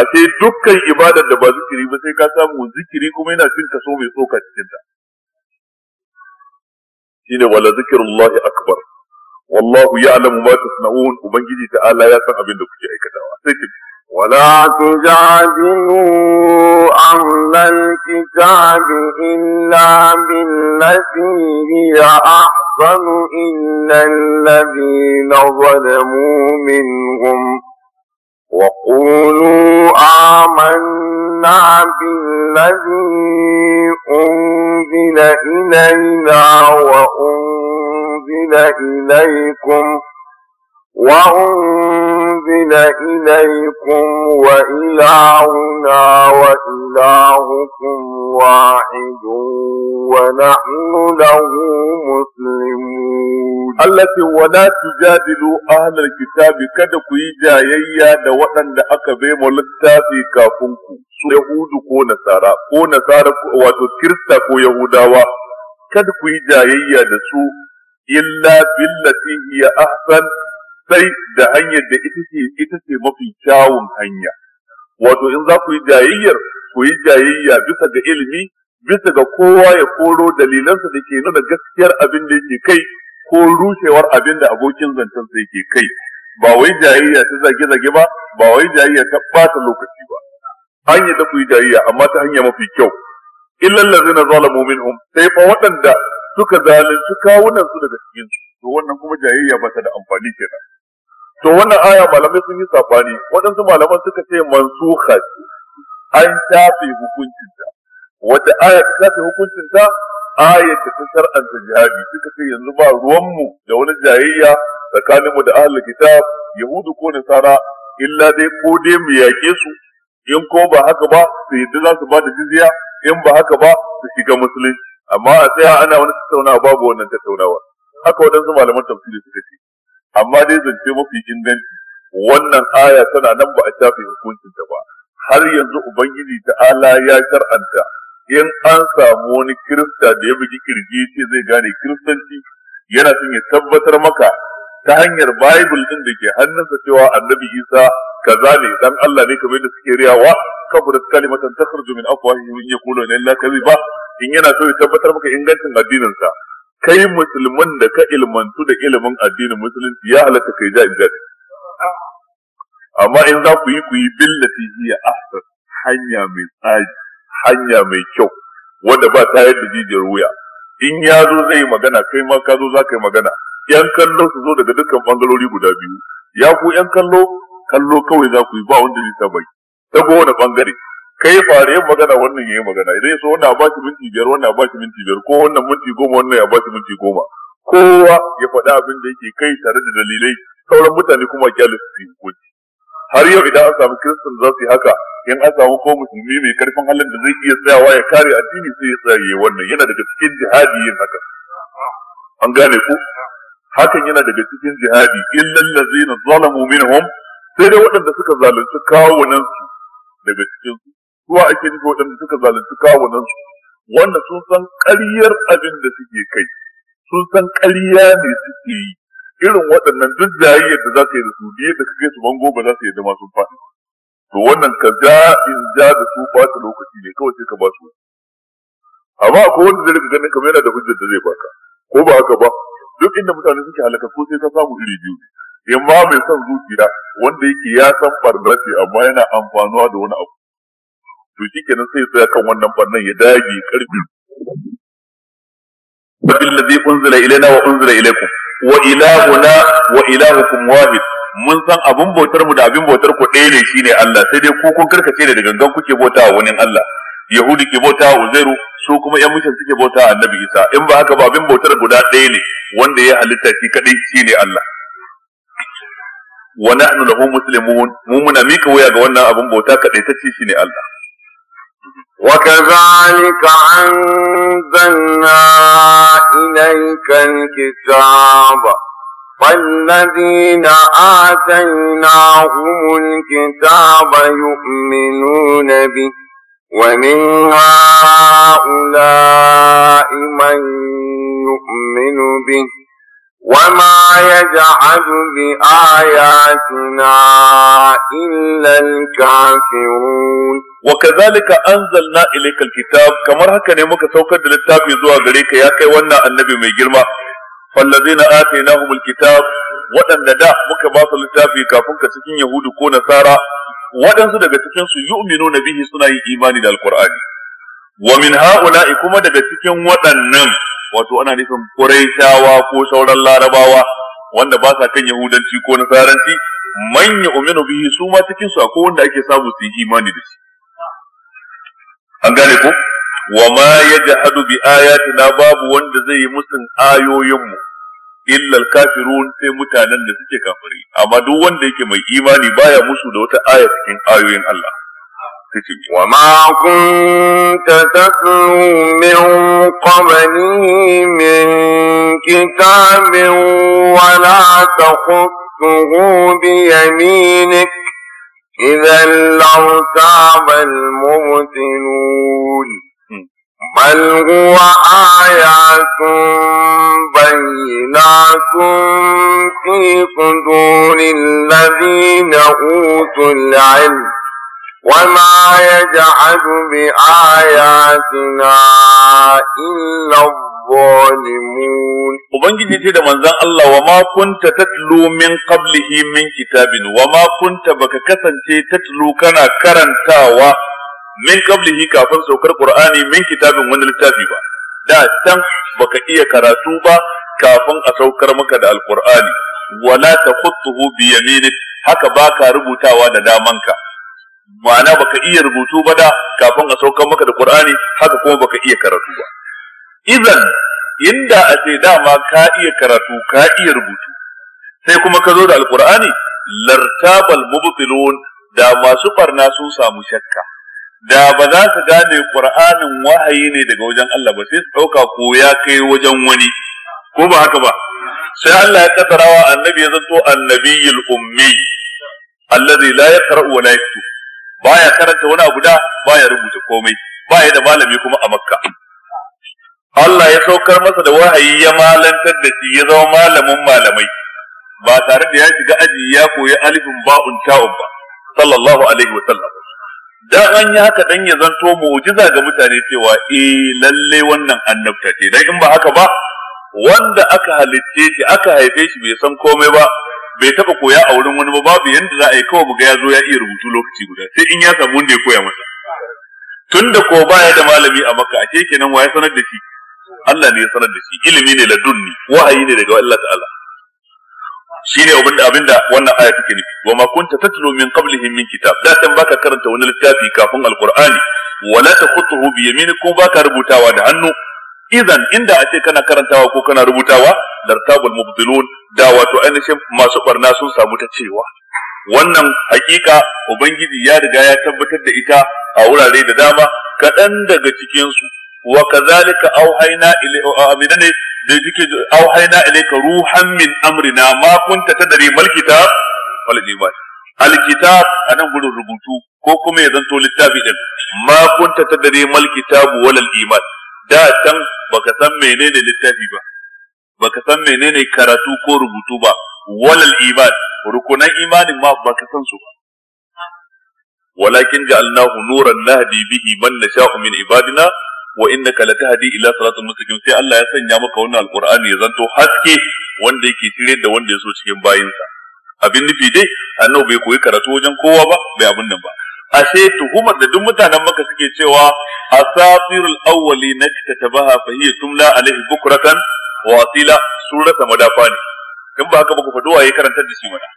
a ce dukkan ibadar da ba zikiri ba sai ka samu zikiri kuma yana cin kaso mai tsoka cikin ta shine wala zikrullahi akbar wallahu ya'lamu ma tasna'un ubangiji ta'ala ya san abin da kuke aikatawa sai ولا تجادلوا أهل الكتاب إلا بالتي هي أحسن إلا الذين ظلموا منهم وقولوا آمنا بالذي أنزل إلينا وأنزل إليكم وأنزل إليكم وإلهنا وإلهكم واحد ونحن له مسلمون التي ولا تجادلوا أهل الكتاب kada ku yi jayayya da waɗanda aka bai mu littafi kafin ku yahudu ko nasara ko nasara wato kirista ko yahudawa kada ku yi jayayya da su illa billati hiya ahsan sai da hanyar da ita ce ita ce mafi kyawun hanya wato in za ku yi jayayyar ku yi jayayya bisa ga ilimi bisa ga kowa ya koro dalilansa da ke nuna gaskiyar abin da yake kai ko rushewar abin da abokin zancen sai ke kai ba wai jayayya ta zage-zage ba ba wai jayayya ta ɓata lokaci ba Hanyar da ku yi jayayya amma ta hanya mafi kyau illal ladzina zalamu minhum sai fa waɗanda suka zalunci kawunan su daga cikin su to wannan kuma jayayya ba ta da amfani kenan to wannan aya malamai sun yi sabani waɗansu malaman suka ce mansuha ce an shafe hukuncinta wata aya ta shafe hukuncinta aya ta ta shar'anta jihadi suka ce yanzu ba ruwanmu da wani jayayya tsakaninmu da ahal kitab yahudu ko nasara illa dai ko dai mu yaƙe su in ko ba haka ba su yadda za su ba da jizya in ba haka ba su shiga musulunci amma a tsaya ana wani tattaunawa babu wannan tattaunawar. haka waɗansu malaman tafsiri suka ce amma dai zance mafi inganci wannan aya tana nan ba a shafe ta ba har yanzu ubangiji ta ala ya shar'anta in an samu wani kirista da ya bugi kirji ce zai gane kiristanci yana son ya tabbatar maka ta hanyar bible din da ke hannunsa cewa annabi isa kaza ne dan Allah ne kamar da suke riyawa kafirat kalimatan takhruju min afwahihim in yaquluna illa kadhiba in yana so ya tabbatar maka ingancin addinin sa kai musulman da ka ilmantu da ilimin addinin musulunci ya halatta kai ja in amma in za ku yi ku yi billati hiya ahsan hanya mai tsaji hanya mai kyau wanda ba ta yadda jijiyar wuya in ya zo zai yi magana kai ma ka zo za ka yi magana yan kallo su zo daga dukkan bangarori guda biyu ya ku yan kallo kallo kawai za ku yi ba wanda zai sa bai ta kowane bangare kai fare magana wannan yayi magana idan so wannan a shi minti biyar wannan a shi minti biyar ko wannan minti goma wannan ya baki minti goma kowa ya faɗi abin da yake kai tare da dalilai sauran mutane kuma kyale su yi hukunci har yau idan an samu kiristan za su yi haka in an samu ko musulmi mai karfin halin da zai iya tsayawa ya kare addini sai ya tsaya yayi wannan yana daga cikin jihadi yin haka an gane ku hakan yana daga cikin jihadi illal ladzina zalamu minhum sai dai waɗanda suka zalunci kawunan su daga cikin su zuwa ake nufi waɗanda suka zalunci kawunansu wanda sun san ƙaryar abin da suke kai sun san ƙarya ne suke yi irin waɗannan duk jayayyar da za su yi da su biyar da kake su bango ba za su yi da masu faɗi to wannan ka ja in ja da su ɓata lokaci ne kawai sai ka ba su amma akwai wanda zai rika ganin kamar yana da hujjar da zai baka ko ba haka ba duk inda mutane suke halaka ko sai ka samu iri biyu imma mai son zuciya wanda yake ya san barna amma yana amfanuwa da wani abu to shi kenan sai tsaya kan wannan bannan ya dage karfi wa billazi unzila na wa unzila ilaikum wa ilahuna wa ilahukum wahid mun san abin bautar mu da abin bautar ku ɗaya ne shine Allah sai dai ku kun karkace ne da gangan kuke bautawa wani Allah Yahudi ke bautawa Uzairu su kuma yan mushin suke bautawa Annabi Isa in ba haka ba abin bautar guda ɗaya ne wanda ya halitta shi kadai shine Allah wa nahnu lahu muslimun mu muna mika waya ga wannan abin bauta kadai ta shine Allah وكذلك أنزلنا إليك الكتاب فالذين آتيناهم الكتاب يؤمنون به ومن هؤلاء من يؤمن به وما يجعل بآياتنا إلا الكافرون wa kazalika anzalna ilaykal kitab kamar haka ne muka saukar da littafi zuwa gare ka ya kai wannan annabi mai girma fallazina atainahumul kitab waɗanda da muka basa littafi kafin ka cikin yahudu ko nasara waɗansu daga cikin su yu'minuna bihi suna yi imani da alqur'ani wa min ha'ula'i kuma daga cikin waɗannan wato ana nufin quraishawa ko sauran larabawa wanda ba sa kan yahudanci ko nasaranci man yu'minu bihi su ma cikin su akwai ake samu su yi imani da shi an gane ko wa ma yajhadu bi ayatina babu wanda zai yi musun ayoyin mu illa kafirun sai mutanen da suke kafiri amma duk wanda yake mai imani baya musu da wata aya cikin ayoyin Allah وما كنت تتلو من قبله من كتاب ولا تخطه بيمينك إذا لارتاب المبتلون بل هو آيات بينات في صدور الذين أوتوا العلم وما يجحد بآياتنا إلا الظالمون Ubangiji وبنجي da manzon Allah wa ma kunta tatlu min qablihi kitabin wa ma kunta baka kasance tatlu kana karantawa min qablihi kafin saukar Kur'ani min kitabin wani littafi ba da can baka iya karatu ba kafin a saukar maka da alqur'ani wala takhutuhu bi yaminik haka baka rubutawa da damanka ma'ana baka iya rubutu ba da kafin a saukar maka da Ƙur'ani haka kuma baka iya karatu ba Izan inda a ce dama ka iya karatu ka iya rubutu sai kuma ka zo da alkur'ani lartabal mubtilun da masu barna sun samu shakka da ba za su gane qur'anin wahayi ne daga wajen Allah ba sai su dauka ko ya kai wajen wani ko ba haka ba sai Allah ya kaddarawa annabi ya zanto annabiyul ummi allazi la yaqra wa la yaktub baya karanta wani abu da baya rubuta komai baya da malami kuma a makka Allah ya saukar masa da wahayi ya malantar da shi ya zama malamin malamai ba tare da ya shiga aji ya koyi alifin ba'un ta'un ba sallallahu alaihi wa sallam dan an yi haka dan ya zanto mu'jiza ga mutane cewa eh lalle wannan annabta ce dan in ba haka ba wanda aka halicce shi aka haife shi bai san komai ba bai taba koya a wurin wani ba babu yanda za a yi kawai buga ya zo ya iya rubutu lokaci guda sai in ya samu wanda ya koya masa tunda ko baya da malami a makka a kenan wa ya sanar da shi Allah ne ya sanar da shi ilimi ne ladunni wahayi ne daga Allah ta'ala shine abin da abinda wannan aya take nufi wa ma kunta tatlu min qablihi min kitab da san baka karanta wani littafi kafin alqur'ani wala takhutuhu bi yaminikum baka rubutawa da hannu idan inda a ce kana karantawa ko kana rubutawa lartabul mubtilun da wato ainihin masu barna sun samu ta cewa wannan hakika ubangiji ya riga ya tabbatar da ita a wurare da dama kaɗan daga cikinsu wa kazalika auhayna ilayka ne da yake auhayna ilayka ruhan min amrina ma kunta tadri mal kitab anan gurin rubutu ko kuma ya zanto littafi din ma kunta tadri mal kitab wal iman da can baka san menene littafi ba baka san menene karatu ko rubutu ba walal iman rukunan imanin ma baka san ba walakin ja'alnahu nuran nahdi bihi man min ibadina wa la tahdi ila siratal mustaqim sai Allah ya sanya maka wannan alqur'ani ya zanto haske wanda yake tire da wanda ya so cikin bayinsa abin nufi dai annabi bai koyi karatu wajen kowa ba bai abin nan ba ashe tuhumar da duk mutanen maka suke cewa asatirul awwali na tatabaha fa hiya tumla alaihi bukratan wa asila surata madafa ne in ba haka ba ku faɗo waye karantar da shi mana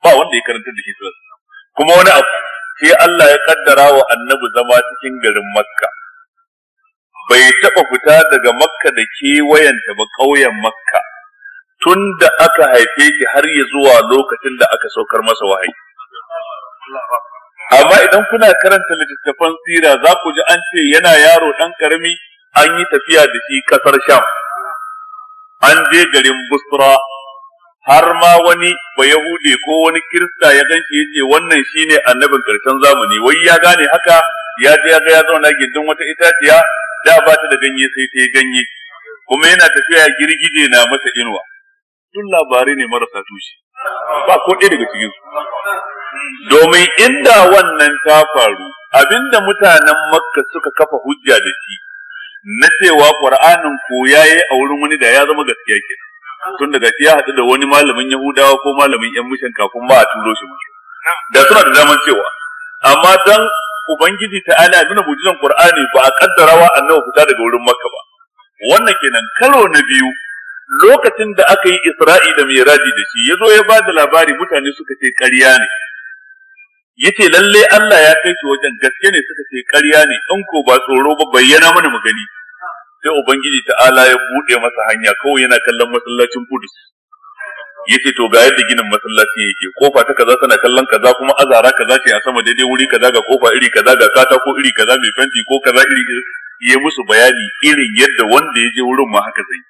ba wanda ya karantar da shi kuma wani abu sai Allah ya kaddara wa annabi zama cikin garin Makka bai taɓa fita daga makka da kewayenta ba ƙauyen makka tun da aka haife shi har ya zuwa lokacin da aka saukar masa wahayi amma idan kuna karanta littattafan sira za ku ji an ce yana yaro ɗan ƙarami an yi tafiya da shi ƙasar sham an je garin busra har ma wani ba yahude ko wani kirista ya gan shi ya ce wannan shine annabin ƙarshen zamani wai ya gane haka ya je ya ga ya zauna gindin wata itaciya da ba ta da ganye sai ta yi ganye kuma yana tafiya girgije na masa inuwa duk labarai ne marasa tushe ba ko ɗaya daga cikin su domin inda wannan ta faru abinda mutanen makka suka kafa hujja da shi na cewa qur'anin ko yayi a wurin wani da ya zama gaskiya ke tun daga shi ya haɗu da wani malamin yahudawa ko malamin yan mishan kafin ba a turo shi ba, da suna da daman cewa amma dan ubangiji ta'ala nuna mujizan qur'ani ba a kaddarawa annabi fita daga wurin makka ba wannan kenan karo na biyu lokacin da aka yi isra'i da miraji da shi ya zo ya bada labari mutane suka ce ƙarya ne yace lallai Allah ya kai shi wajen gaske ne suka ce ƙarya ne in ko ba tsoro ba bayyana mana mu gani sai ubangiji ta'ala ya buɗe masa hanya kawai yana kallon masallacin Qudus yace to ga yadda ginin masallaci yake kofa ta kaza tana kallon kaza kuma azara kaza ce a sama daidai wuri kaza ga kofa iri kaza ga katako iri kaza mai fenti ko kaza iri ya musu bayani irin yadda wanda ya je wurin ma haka zai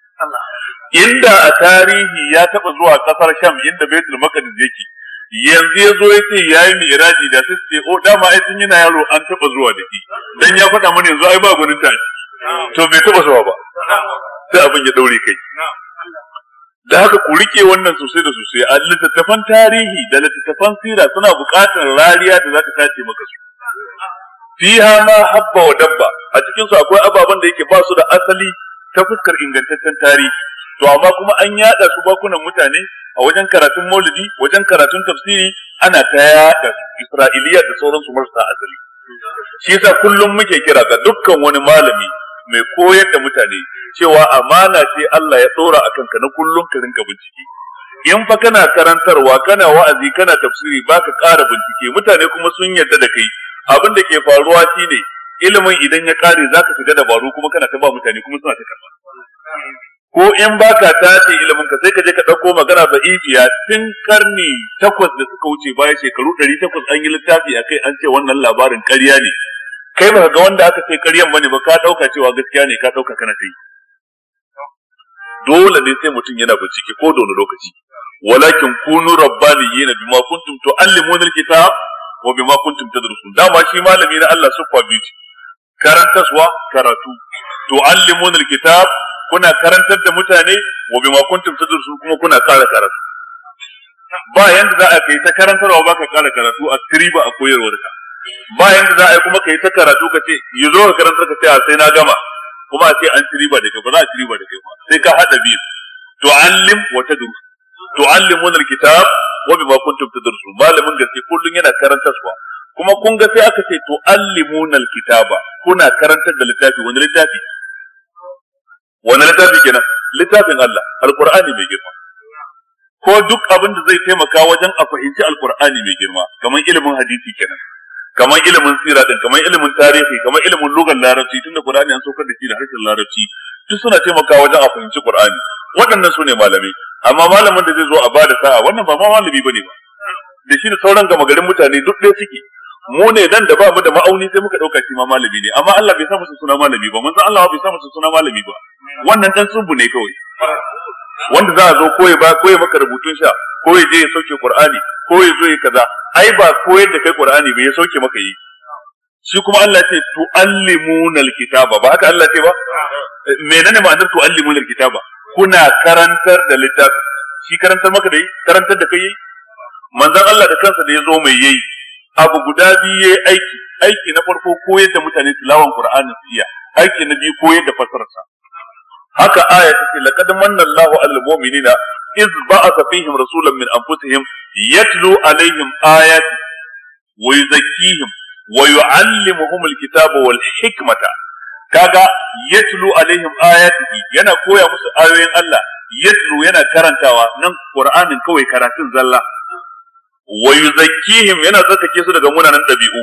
inda a tarihi ya taba zuwa kasar Sham inda Baitul Maqdis yake yanzu ya zo ya ce ya yi da sai o oh, dama ai yi yana yaro an taba zuwa da shi dan ya faɗa mana yanzu ai ba gwanin ta to bai taba zuwa ba sai abin ya daure kai da haka ku rike wannan sosai da sosai a littattafan tarihi da littattafan sira suna bukatar rariya da za ta tace maka su fiha ma habba wa dabba a cikin su akwai ababen da yake ba su da asali ta fuskar ingantaccen tarihi to amma kuma an yada su bakunan mutane a wajen karatun maulidi wajen karatun tafsiri ana ta yada isra'iliya da sauransu marasa asali shi yasa kullum muke kira ga dukkan wani malami mai koyar da mutane cewa amana ce Allah ya tsora a kanka na kullum ka rinka bincike in fa kana karantarwa kana wa'azi kana tafsiri baka ƙara bincike mutane kuma sun yarda da kai abin da ke faruwa shine ilimin idan ya kare ka shiga dabaru kuma kana ta ba mutane kuma suna ta karɓa. ko in baka tace ilimin ka sai ka je ka ɗauko magana ba ibiya tun karni takwas da suka wuce baya shekaru ɗari takwas an yi littafi a kai an ce wannan labarin ƙarya ne kai baka ga wanda aka ce ƙaryan bane ba ka dauka cewa gaskiya ne ka dauka kana ta yi dole ne sai mutum yana bincike ko da wani lokaci walakin kunu rabbaniyina bima kuntum tu'allimuna alkitab wa bima kuntum tadrusun dama shi malami na Allah sukwa biyu karantaswa karatu tu'allimuna alkitab kuna karantar da mutane wa bima kuntum tadrusun kuma kuna kara karatu ba yanda za a kai ta karantarwa ba ka kara karatu a ba a ka. ba yanda za a yi kuma kai ta karatu ka ce yi zo ka karantar ka ce a sai na gama kuma a ce an ci da ka ba za a ci da ka. ka hada biyu tu'allim wa tadrus tu'allimun kitab, wa bima kuntum tadrusun malamin gaske kullun yana karantarwa kuma kun ga sai aka ce tu'allimun alkitaba kuna karantar da littafi wani littafi wani littafi kenan littafin Allah alqur'ani mai girma ko duk abin da zai taimaka wajen a fahimci alqur'ani mai girma kamar ilimin hadisi kenan kamar ilimin sira din kamar ilimin tarihi kamar ilimin lugar larabci tunda qur'ani an saukar da shi da harshen larabci duk suna taimakawa wajen a fahimci Qur'ani waɗannan su ne malamai amma malamin da zai zo a bada sa'a wannan ba ma malami bane ba da shi da sauran gama garin mutane duk ɗaya suke mu ne dan da ba mu da ma'auni sai muka ɗauka shi ma malami ne amma Allah bai sa musu suna malami ba manzon Allah bai sa musu suna malami ba wannan dan sunbu ne kawai wanda za a zo koyi ba koyi maka rubutun sha ko ya je ya sauke Qur'ani ko ya zo ya kaza ai ba koyar da kai Qur'ani ba ya sauke maka yi shi kuma Allah ce tu'allimuna alkitaba ba haka Allah ce ba menene ma'anar tu'allimuna alkitaba kuna karantar da littafi shi karantar maka da yi karantar da kai yi manzon Allah da kansa da ya zo mai yayi abu guda biyu yayi aiki aiki na farko koyar da mutane tilawan Qur'ani siya aiki na biyu koyar da fasarsa haka aya ce, laqad manna Allahu 'alal mu'minina iz ba'atha fihim rasulan min anfusihim yatlu alaihim ayati wa yuzakkihim wa walhikmata, ka ga hikmata kaga yatlu alaihim ayatihi yana koya musu ayoyin Allah yatlu yana karantawa nan Qur'anin kawai karatun zalla wa yuzakkihim yana tsakake su daga munanan dabi'u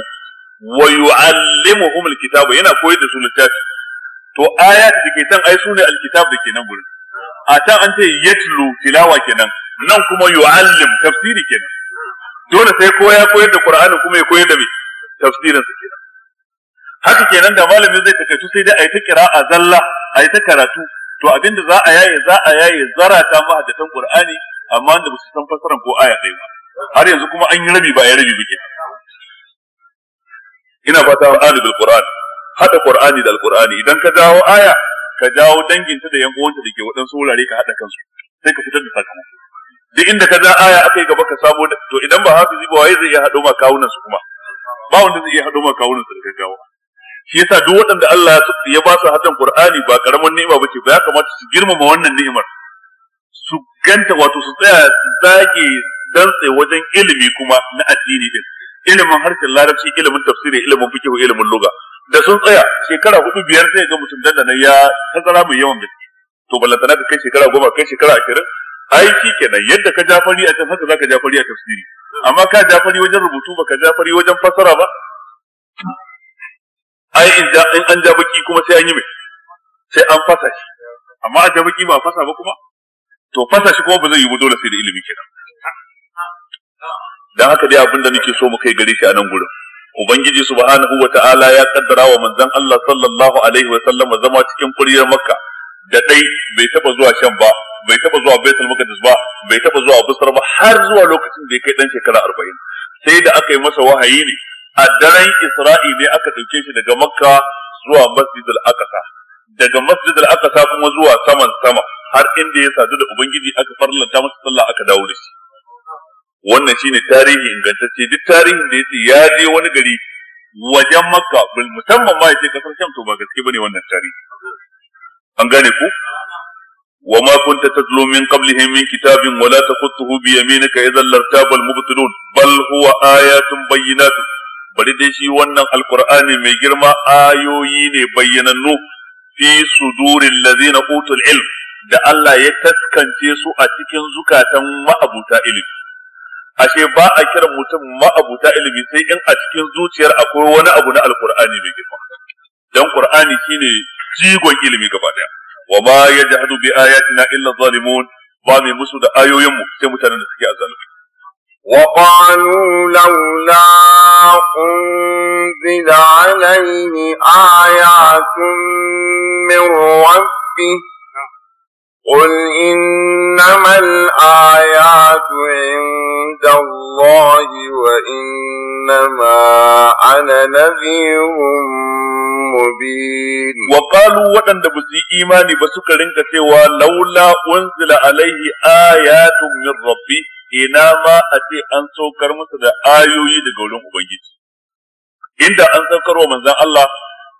wa yu'allimuhum alkitaba yana koyar da su littafi to ayat da ke can ai sune alkitab da ke nan gurin a can an ce yatlu tilawa kenan nan kuma yu'allim dole sai ko ya koyar da kuma ya koyar da tafsirin su kenan haka kenan da malami zai takaitu sai dai a yi ta kira'a zalla a yi ta karatu to abinda za a yaye za a yaye zarata mahaddatan qur'ani amma wanda ba su san fasaran ko aya ɗaya ba har yanzu kuma an yi rabi ba ya rabi biki. ina fata al'adu bil qur'an hada qur'ani da qur'ani idan ka jawo aya ka jawo danginta da yan uwanta da ke waɗansu wurare ka haɗa kansu sai ka fitar da sakamako duk inda ka za aya aka yi gaba ka samo to idan ba hafizi ba waye zai iya haɗo ma kawunan su kuma ba wanda zai iya haɗo ma kawunan su da gaggawa shi yasa duk waɗanda Allah ya ba su hatan Qur'ani ba karamin ni'ima bace ba ya kamata su girmama wannan ni'imar su ganta wato su tsaya su zage dantse wajen ilimi kuma na addini din ilimin harshen larabci ilimin tafsiri ilimin fiqh ilimin lugha da sun tsaya shekara hudu biyar sai ga mutum dandana ya tazara mai yawan gaske to ballantana na kai shekara goma kai shekara ashirin ai shi kenan yadda ka ja fari a can haka zaka ja fari a tafsiri amma ka jafari wajen rubutu ka jafari wajen fassara ba ai in an ja baki kuma sai an yi mai sai an fasa shi amma a ja baki ba fasa ba kuma to fasa shi kuma ba zai yi ba dole sai da ilimi kenan dan haka dai abinda nake so mu kai gare shi a nan gurin ubangiji subhanahu wata'ala ya kaddara wa manzon Allah sallallahu alaihi wa sallam zama cikin kuriyar makka da dai bai taba zuwa shan ba bai taba zuwa baitul maqdis ba bai taba zuwa busar ba har zuwa lokacin da ya kai dan shekara arba'in, sai da aka yi masa wahayi ne a daren isra'i ne aka dauke shi daga makka zuwa masjid al-aqsa daga masjid al-aqsa kuma zuwa saman sama har inda ya sadu da ubangiji aka farlanta masa sallah aka dawo da shi wannan shine tarihi ingantacce duk tarihin da yace ya je wani gari wajen makka musamman ma yace kasar sham to ba gaske bane wannan tarihi an gane ku وما كنت تتلو من قبله من كتاب ولا تخطه بيمينك إذا لارتاب المبطلون بل هو آيات بينات bari dai shi wannan alkur'ani mai girma ayoyi ne bayyanannu fi sudurin lazina utul ilm da Allah ya taskance su a cikin zukatan ma'abuta ilimi ashe ba a kiran mutum ma'abuta ilimi sai in a cikin zuciyar akwai wani abu na alkur'ani mai girma dan qur'ani shine jigon ilimi gaba daya وما يجحد بآياتنا إلا الظالمون ظالمي مسلم آيو يمو سيمتنا نتحكي أزالك وقالوا لولا أنزل عليه آيات من ربه قل إنما الآيات عند الله وإنما أنا نذير مبين وقالوا وطن دبسي إيماني بسكر سوى لولا أنزل عليه آيات من ربي إنما أتي أنسو كرمس دا آيو يد قولون أبنجيج إن دا أنسو كرمس منزان الله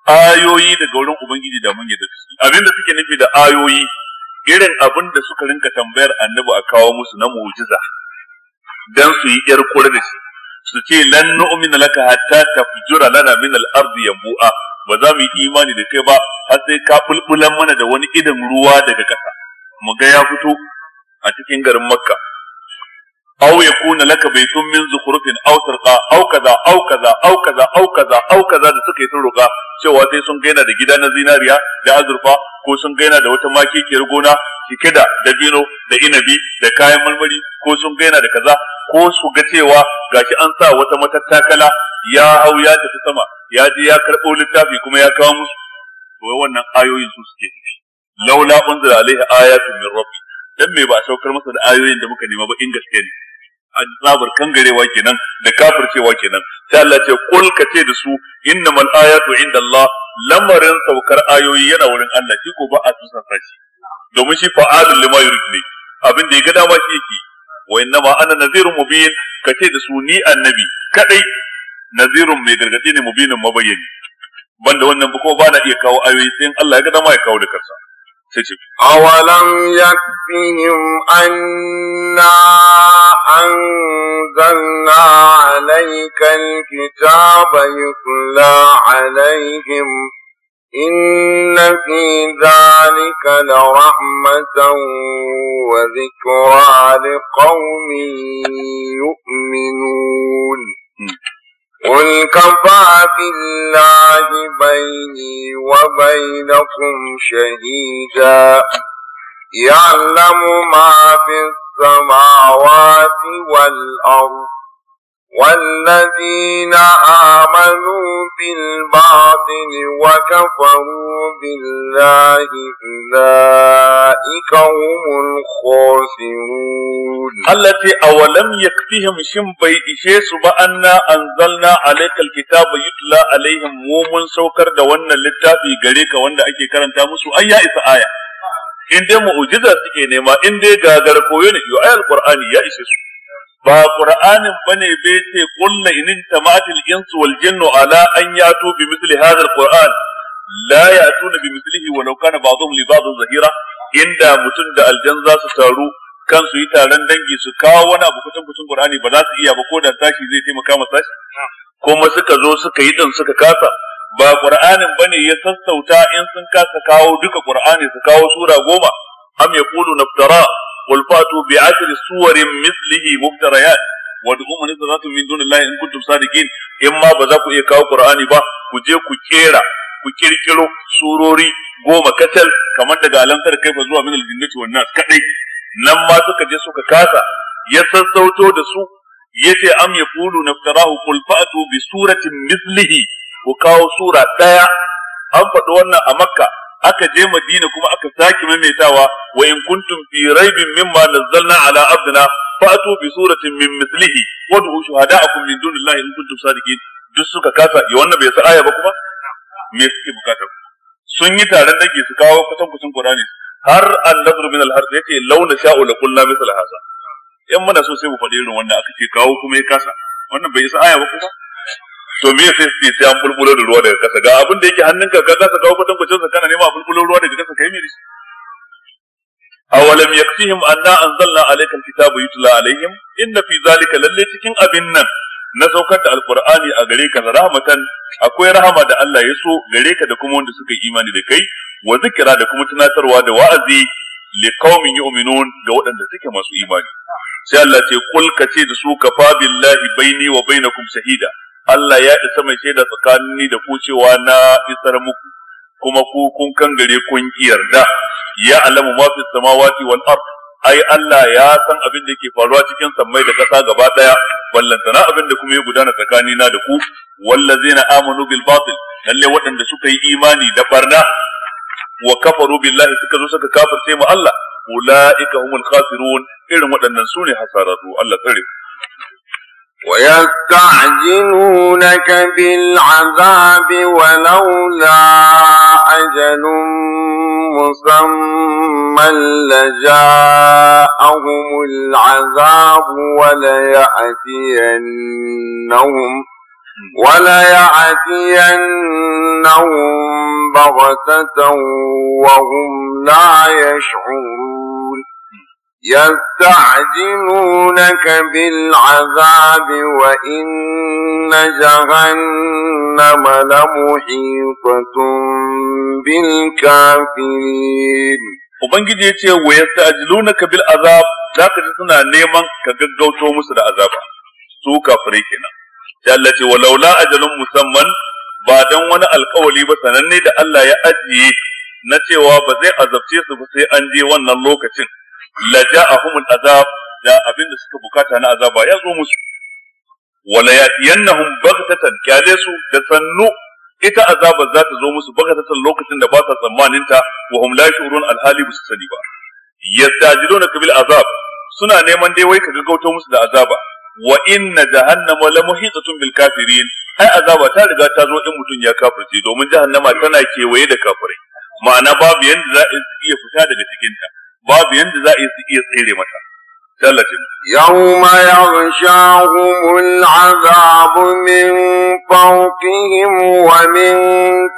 آيو يد قولون أبنجيج دا من يدرس أبين دا سكي نفي دا irin abin da suka rinka tambayar annabi a kawo musu na mu'jiza dan su yi yar kore da shi su ce lan nu'mina laka hatta tafjura lana min al-ardi yabu'a ba za mu yi imani da kai ba har sai ka bulbulan mana da wani idan ruwa daga ƙasa mu ga ya fito a cikin garin makka aw yakuna laka baytun min zukhrufin aw tarqa aw kaza aw kaza aw kaza aw kaza aw kaza da suka yi sun roƙa cewa sai sun gaina da gida na zinariya da azurfa ko sun ga yana da wata makekiyar gona cike da dabino da inabi da kayan marmari ko sun ga yana da kaza ko su ga cewa gashi an sa wata matattakala ya hau ya tafi sama ya je ya karɓo littafi kuma ya kawo musu to wannan ayoyin su suke laula unzila alaihi ayatun min rabbi dan me ba saukar masa da ayoyin da muka nema ba in gaske ne an tsabar kangarewa kenan da kafircewa kenan sai Allah ce kul ka ce da su innamal ayatu inda Allah lamarin saukar ayoyi yana wurin Allah shi ko ba a tusan sashi domin shi fa'alul lima yurid ne abin da ya ga dama shi yake wa innama ana nazirun mubin kace da su ni annabi kadai nazirun mai gargadi ne mubinin mabayyani banda wannan ba kuma ba na iya kawo ayoyi sai Allah ya ga dama ya kawo da kansa أولم يكفهم أنا أنزلنا عليك الكتاب يتلى عليهم إن في ذلك لرحمة وذكرى لقوم يؤمنون قل كفى بالله بيني وبينكم شهيدا يعلم ما في السماوات والأرض والذين آمنوا بالباطل وكفروا بالله أولئك هم الخاسرون التي أولم يكفيهم شم بي إشيس بأننا أنزلنا عليك الكتاب يتلى عليهم مومن سوكر دوانا للتابي غريك وانا أكي كرن تامسو أي آية in dai mu'jiza suke nema in dai gagar koyo ne yo ayal qur'ani ba qur'anin bane bai ce kullu inin tamatil insu wal jinnu ala an yatu bi mithli hadha al la yatuna bi mithlihi wa law kana ba'dhum li ba'd zahira inda mutum da aljan za su taru kan su yi taron dangi su kawo wani abu kutan kutan qur'ani ba za su iya ba ko da tashi zai taimaka masa shi kuma suka zo suka yi din suka kasa ba qur'anin bane ya sassauta in sun kasa kawo duka qur'ani su kawo sura goma am yaqulu naftara wal fatu bi ashri suwarin mislihi muftariyat wa du'u man zatu min dunillahi in kuntum sadiqin in ma ba za ku iya kawo qur'ani ba ku je ku kera ku ƙirƙiro surori goma kacal kamar daga alamtar kaifa zuwa min aljinnati wan nas kadai nan ma suka je suka kasa ya sassauto da su yace am yaqulu naftarahu qul fa'tu bi suratin mislihi ku kawo sura ɗaya, an faɗi wannan a makka aka je madina kuma aka sake maimaitawa wa in kuntum fi raibin mimma nazzalna ala abdina fa'atu bi suratin min mislihi wad'u shuhada'akum min dunillahi in kuntum sadiqin duk suka kasa ya wannan bai sa aya ba kuma me suke bukata sun yi taron dangi su kawo kusan kusan qur'ani har an-nadru min al-harf yace launa sha'u la kullu misal hasa in muna so sai mu faɗi irin wannan aka ce kawo kuma ya kasa wannan bai sa aya ba kuma to me sai sai sai an bulbulo da ruwa daga kasa ga abin da yake hannunka ka ka kawo kwatan kwacin sa kana nema bulbulo ruwa daga kasa kai me awalam yaktihim anna anzalna alaykal kitaba yutla alaihim inna fi zalika lalle cikin abin nan na saukar da alqur'ani a gare ka rahmatan akwai rahama da Allah ya so gare ka da kuma wanda suka imani da kai wa zikira da kuma tunatarwa da wa'azi li qaumin yu'minun ga waɗanda suke masu imani sai Allah ce kul ce da su kafa billahi baini wa bainakum shahida Allah ya isa mai shaida tsakanin da ku cewa na isar muku kuma ku kun kangare kun yarda ya alamu ma fi samawati wal ard ai Allah ya san abin da yake faruwa cikin sammai da kasa gaba daya ballantana abin da kuma ya gudana tsakanin na da ku wallazina amanu bil batil lalle waɗanda suka yi imani da barna wa kafaru billahi suka zo suka kafirce mu Allah ulaika humul khasirun irin waɗannan sune hasaratu Allah tsare ويستعجلونك بالعذاب ولولا أجل مسمى لجاءهم العذاب وليأتينهم وليأتينهم بغتة وهم لا يشعرون يستعجلونك بالعذاب وإن جهنم لمحيطة بالكافرين Ubangiji ya ce wa ya ta'ajilunaka bil azab za ka ji suna neman ka gaggauto musu da azaba su kafirai kenan sai Allah ce walaula ajalun musamman ba dan wani alkawali ba sananne da Allah ya ajiye na cewa ba zai azabce su ba sai an je wannan lokacin a ja'ahumul azab da abin da suka bukata na azaba ya zo musu wala yatiyannahum baghtatan kyale su da sannu ita azabar za ta zo musu baghtatan lokacin da ba sa tsammanin ta wa hum la shurun alhali bisu sani ba na kabil azab suna neman dai wai ka gaggauto musu da azaba wa inna jahannama la muhitatun bil kafirin ai azaba ta riga ta zo in mutum ya kafirce domin jahannama tana kewaye da kafirai ma'ana babu yadda za a iya fita daga cikin ta babu yanda za a yi iya tsere mata dallatin yawma yaghshahum azabu min fawqihim wa min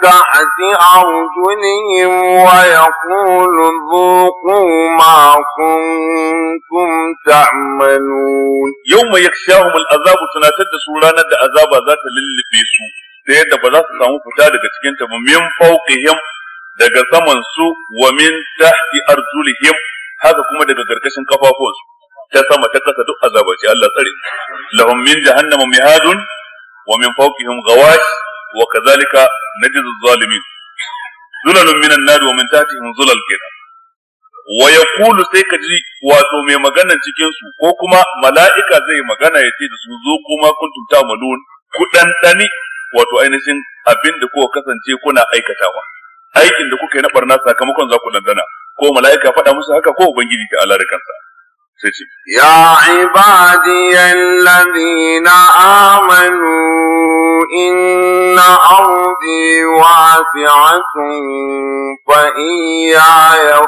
tahti arjulihim wa yaqulu dhuqu ma kuntum ta'malun yawma yaghshahum al'azab tunatar da su ranar da azaba za ta lullube su ta yadda ba za su samu fita daga cikin ba min fawqihim daga saman su wa min tahti arjulihim haka kuma daga karkashin kafafuwansu ta sama ta kasa duk azabaci Allah tsare lahum min jahannama mihadun wa min fawqihim ghawash wa kadhalika najzi zalimin zulalun minan nar wa min tahtihim zulal kenan wa yaqulu sai ka ji wato mai maganan cikin su ko kuma mala'ika zai magana ya ce da su zo kuma kuntum ta'malun ku dandani wato ainihin abin da kuka kasance kuna aikatawa aikin da kuka yi na barna sakamakon za ku dandana ko mala'ika faɗa musu haka ko ubangiji ta ala da kansa sai ce ya ibadiyan ladina amanu inna ardi wasi'atun fa iyya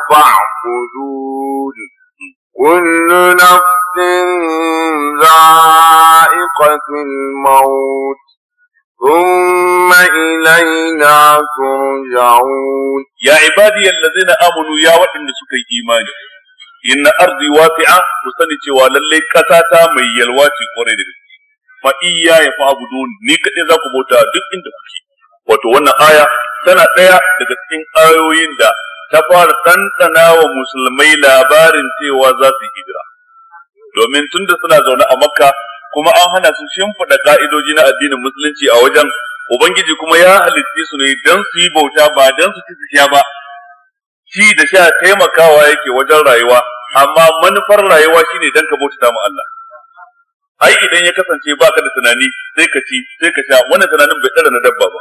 fa'budun kullu nafsin za'iqatul maut ثم إلينا ترجعون يا عبادي waɗanda suka yi imani? سكي إيماني إن أرضي ku sani cewa lallai ƙasa ta mai yalwa ce kwarai da gaske fa iya ya fa abudun ni kaɗai za ku bauta duk inda kuke wato wannan aya tana ɗaya daga cikin ayoyin da ta fara tantana wa musulmai labarin cewa za su hijira domin tunda suna zaune a makka kuma an hana su shimfiɗa ka'idoji na addinin musulunci a wajen ubangiji kuma ya halitti su ne don su yi bauta ba don su ci su sha ba ci da sha taimakawa yake wajen rayuwa amma manufar rayuwa shine don ka bauta mu Allah ai idan ya kasance ba ka da tunani sai ka ci sai ka sha wannan tunanin bai tsara na dabba ba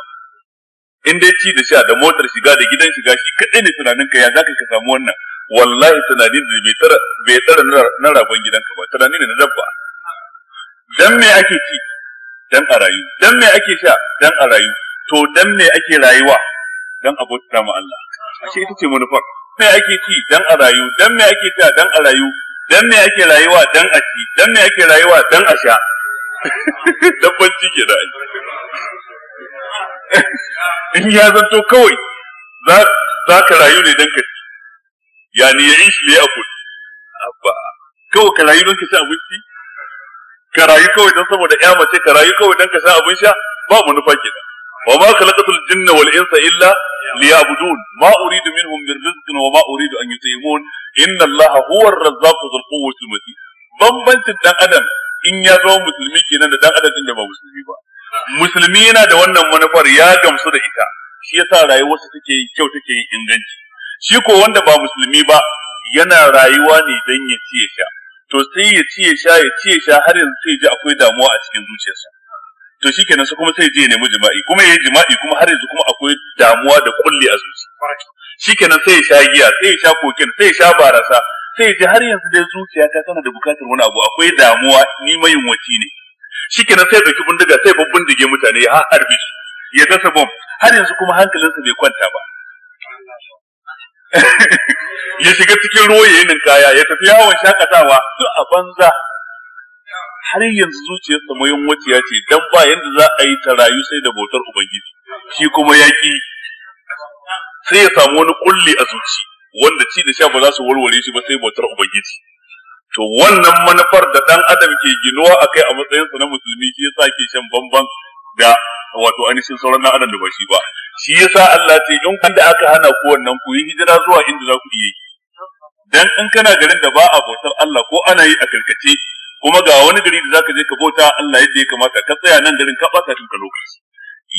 in dai ci da sha da motar shiga da gidan shiga shi kaɗai ne tunanin ka ya zaka ka samu wannan wallahi tunanin da bai tsara na rabon gidanka ba tunani ne na dabba dan me ake ci dan a rayu dan me ake sha dan a rayu to dan me ake rayuwa dan a bauta ma Allah ashe ita ce manufar me ake ci dan a rayu dan me ake sha dan a rayu dan me ake rayuwa dan a ci dan me ake rayuwa dan a sha ci ke da in ya zanto kawai za ka rayu ne dan ka ci yani ya ishi ne a kudi kawai ka rayu don ka ci abinci ka rayu kawai don saboda ya mace ka rayu kawai don ka sha abin sha ba mu nufa kenan wa ma khalaqatul jinna wal insa illa liya'budun ma uridu minhum min rizqin wa ma uridu an yut'imun inna allaha huwa ar-razzaqu dhul quwwati matin bambancin dan adam in ya zama musulmi kenan da dan adam din da ba musulmi ba musulmi yana da wannan manufar ya gamsu da ita shi yasa sa take yin kyau take yin inganci shi ko wanda ba musulmi ba yana rayuwa ne dan ya ci ya sha to sai ya ci ya sha ya ci ya sha har yanzu sai ji akwai damuwa a cikin zuciyarsa to shikenan sai kuma sai je ya nemi jima'i kuma yayi jima'i kuma har yanzu kuma akwai damuwa da kulli a zuci shikenan sai ya sha giya sai ya sha kokin sai ya sha barasa sai ya ji har yanzu dai zuciya ta tana da bukatar wani abu akwai damuwa ni mai waci ne shikenan sai ya dauki bindiga sai babban dige mutane ya harbe arbi ya dasa bom har yanzu kuma hankalinsa bai kwanta ba ya shiga cikin ruwa ya yi kaya ya tafi yawon shakatawa duk a banza har yanzu zuciyar mayin wuciya ce dan ba yanda za a yi ta rayu sai da bautar ubangiji shi kuma yaƙi sai ya samu wani kulli a zuci wanda ci da sha ba za su warware shi ba sai bautar ubangiji to wannan manufar da dan adam ke ginuwa akai a matsayinsa na musulmi shi yasa ke shan bamban da wato ainihin sauran dan adam da ba shi ba shi yasa Allah ce in kun da aka hana ku wannan ku yi hijira zuwa inda za ku yi dan in kana garin da ba a bautar Allah ko ana yi a karkace kuma ga wani gari da zaka je ka bauta Allah yadda ya kamata ka tsaya nan garin ka bata tun ka lokaci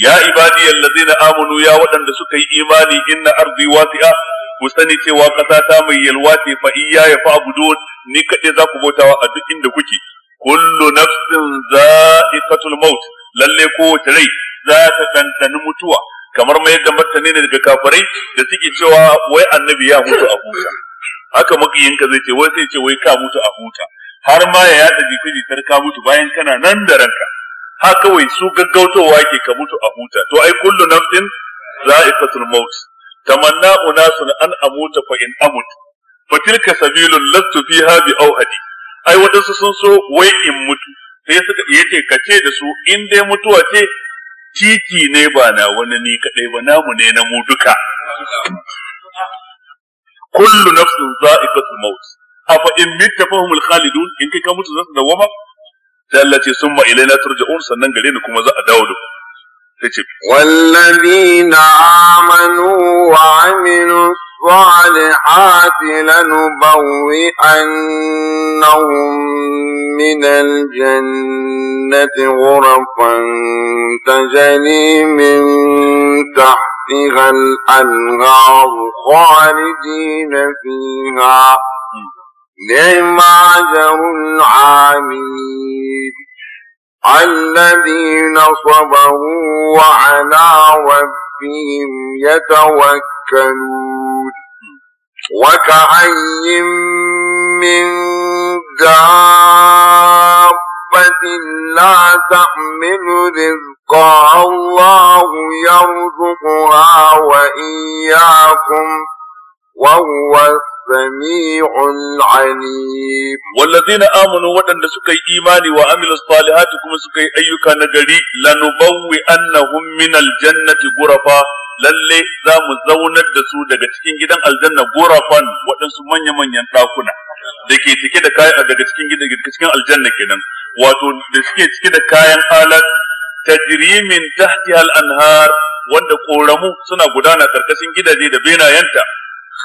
ya ibadi allazina amanu ya waɗanda suka yi imani inna ardi wasi'a ku sani cewa kasa ta mai yalwa ce fa iya ya fa abudun ni kaɗai za ku bautawa a duk inda kuke kullu nafsin za'iqatul maut lalle kowace rai za ta ɗanɗani mutuwa kamar mai da martani ne daga kafirai da suke cewa wai annabi ya mutu a huta haka makiyinka zai ce wai sai ce wai ka mutu a huta har ma ya yada jita-jitar ka mutu bayan kana nan da ranka ha kawai su gaggautowa ke ka mutu a huta to ai kullu nafsin za'iqatul maut tamanna unasun an amuta fa in amut fa tilka sabilun lattu fiha bi auhadi ai wadansu sun so wai in mutu sai suka yace kace da su in dai mutuwa ce titi ne ba na wani ni kadai ba namu ne na mu duka kullu nafsin za'iqatul maut afa in mitta al khalidun in kai ka mutu zasu da sai Allah ce summa ilaina turja'un sannan gare ni kuma za a dawo da ku wallazina amanu wa aminu الصالحات لنبوئنهم من الجنة غرفا تجري من تحتها الأنهار خالدين فيها نعم أجر العامل الذين صبروا وعلى ربهم يتوكلون وكعين من دابة لا تحمل رزقها الله يرزقها وإياكم وهو سميع عليم والذين آمنوا وأن سكي kuma suka yi ayyuka سكي أيك نجري لنبوئنهم من الجنة غرفا lalle za mu zaunar da su daga cikin gidan aljanna gorafan waɗansu manya-manyan ɗakuna da ke cike da kayan daga cikin gidan cikin aljanna kenan wato da suke cike da kayan alat tajrimin tahtiha al-anhar wanda koramu suna gudana karkashin gidaje da benayenta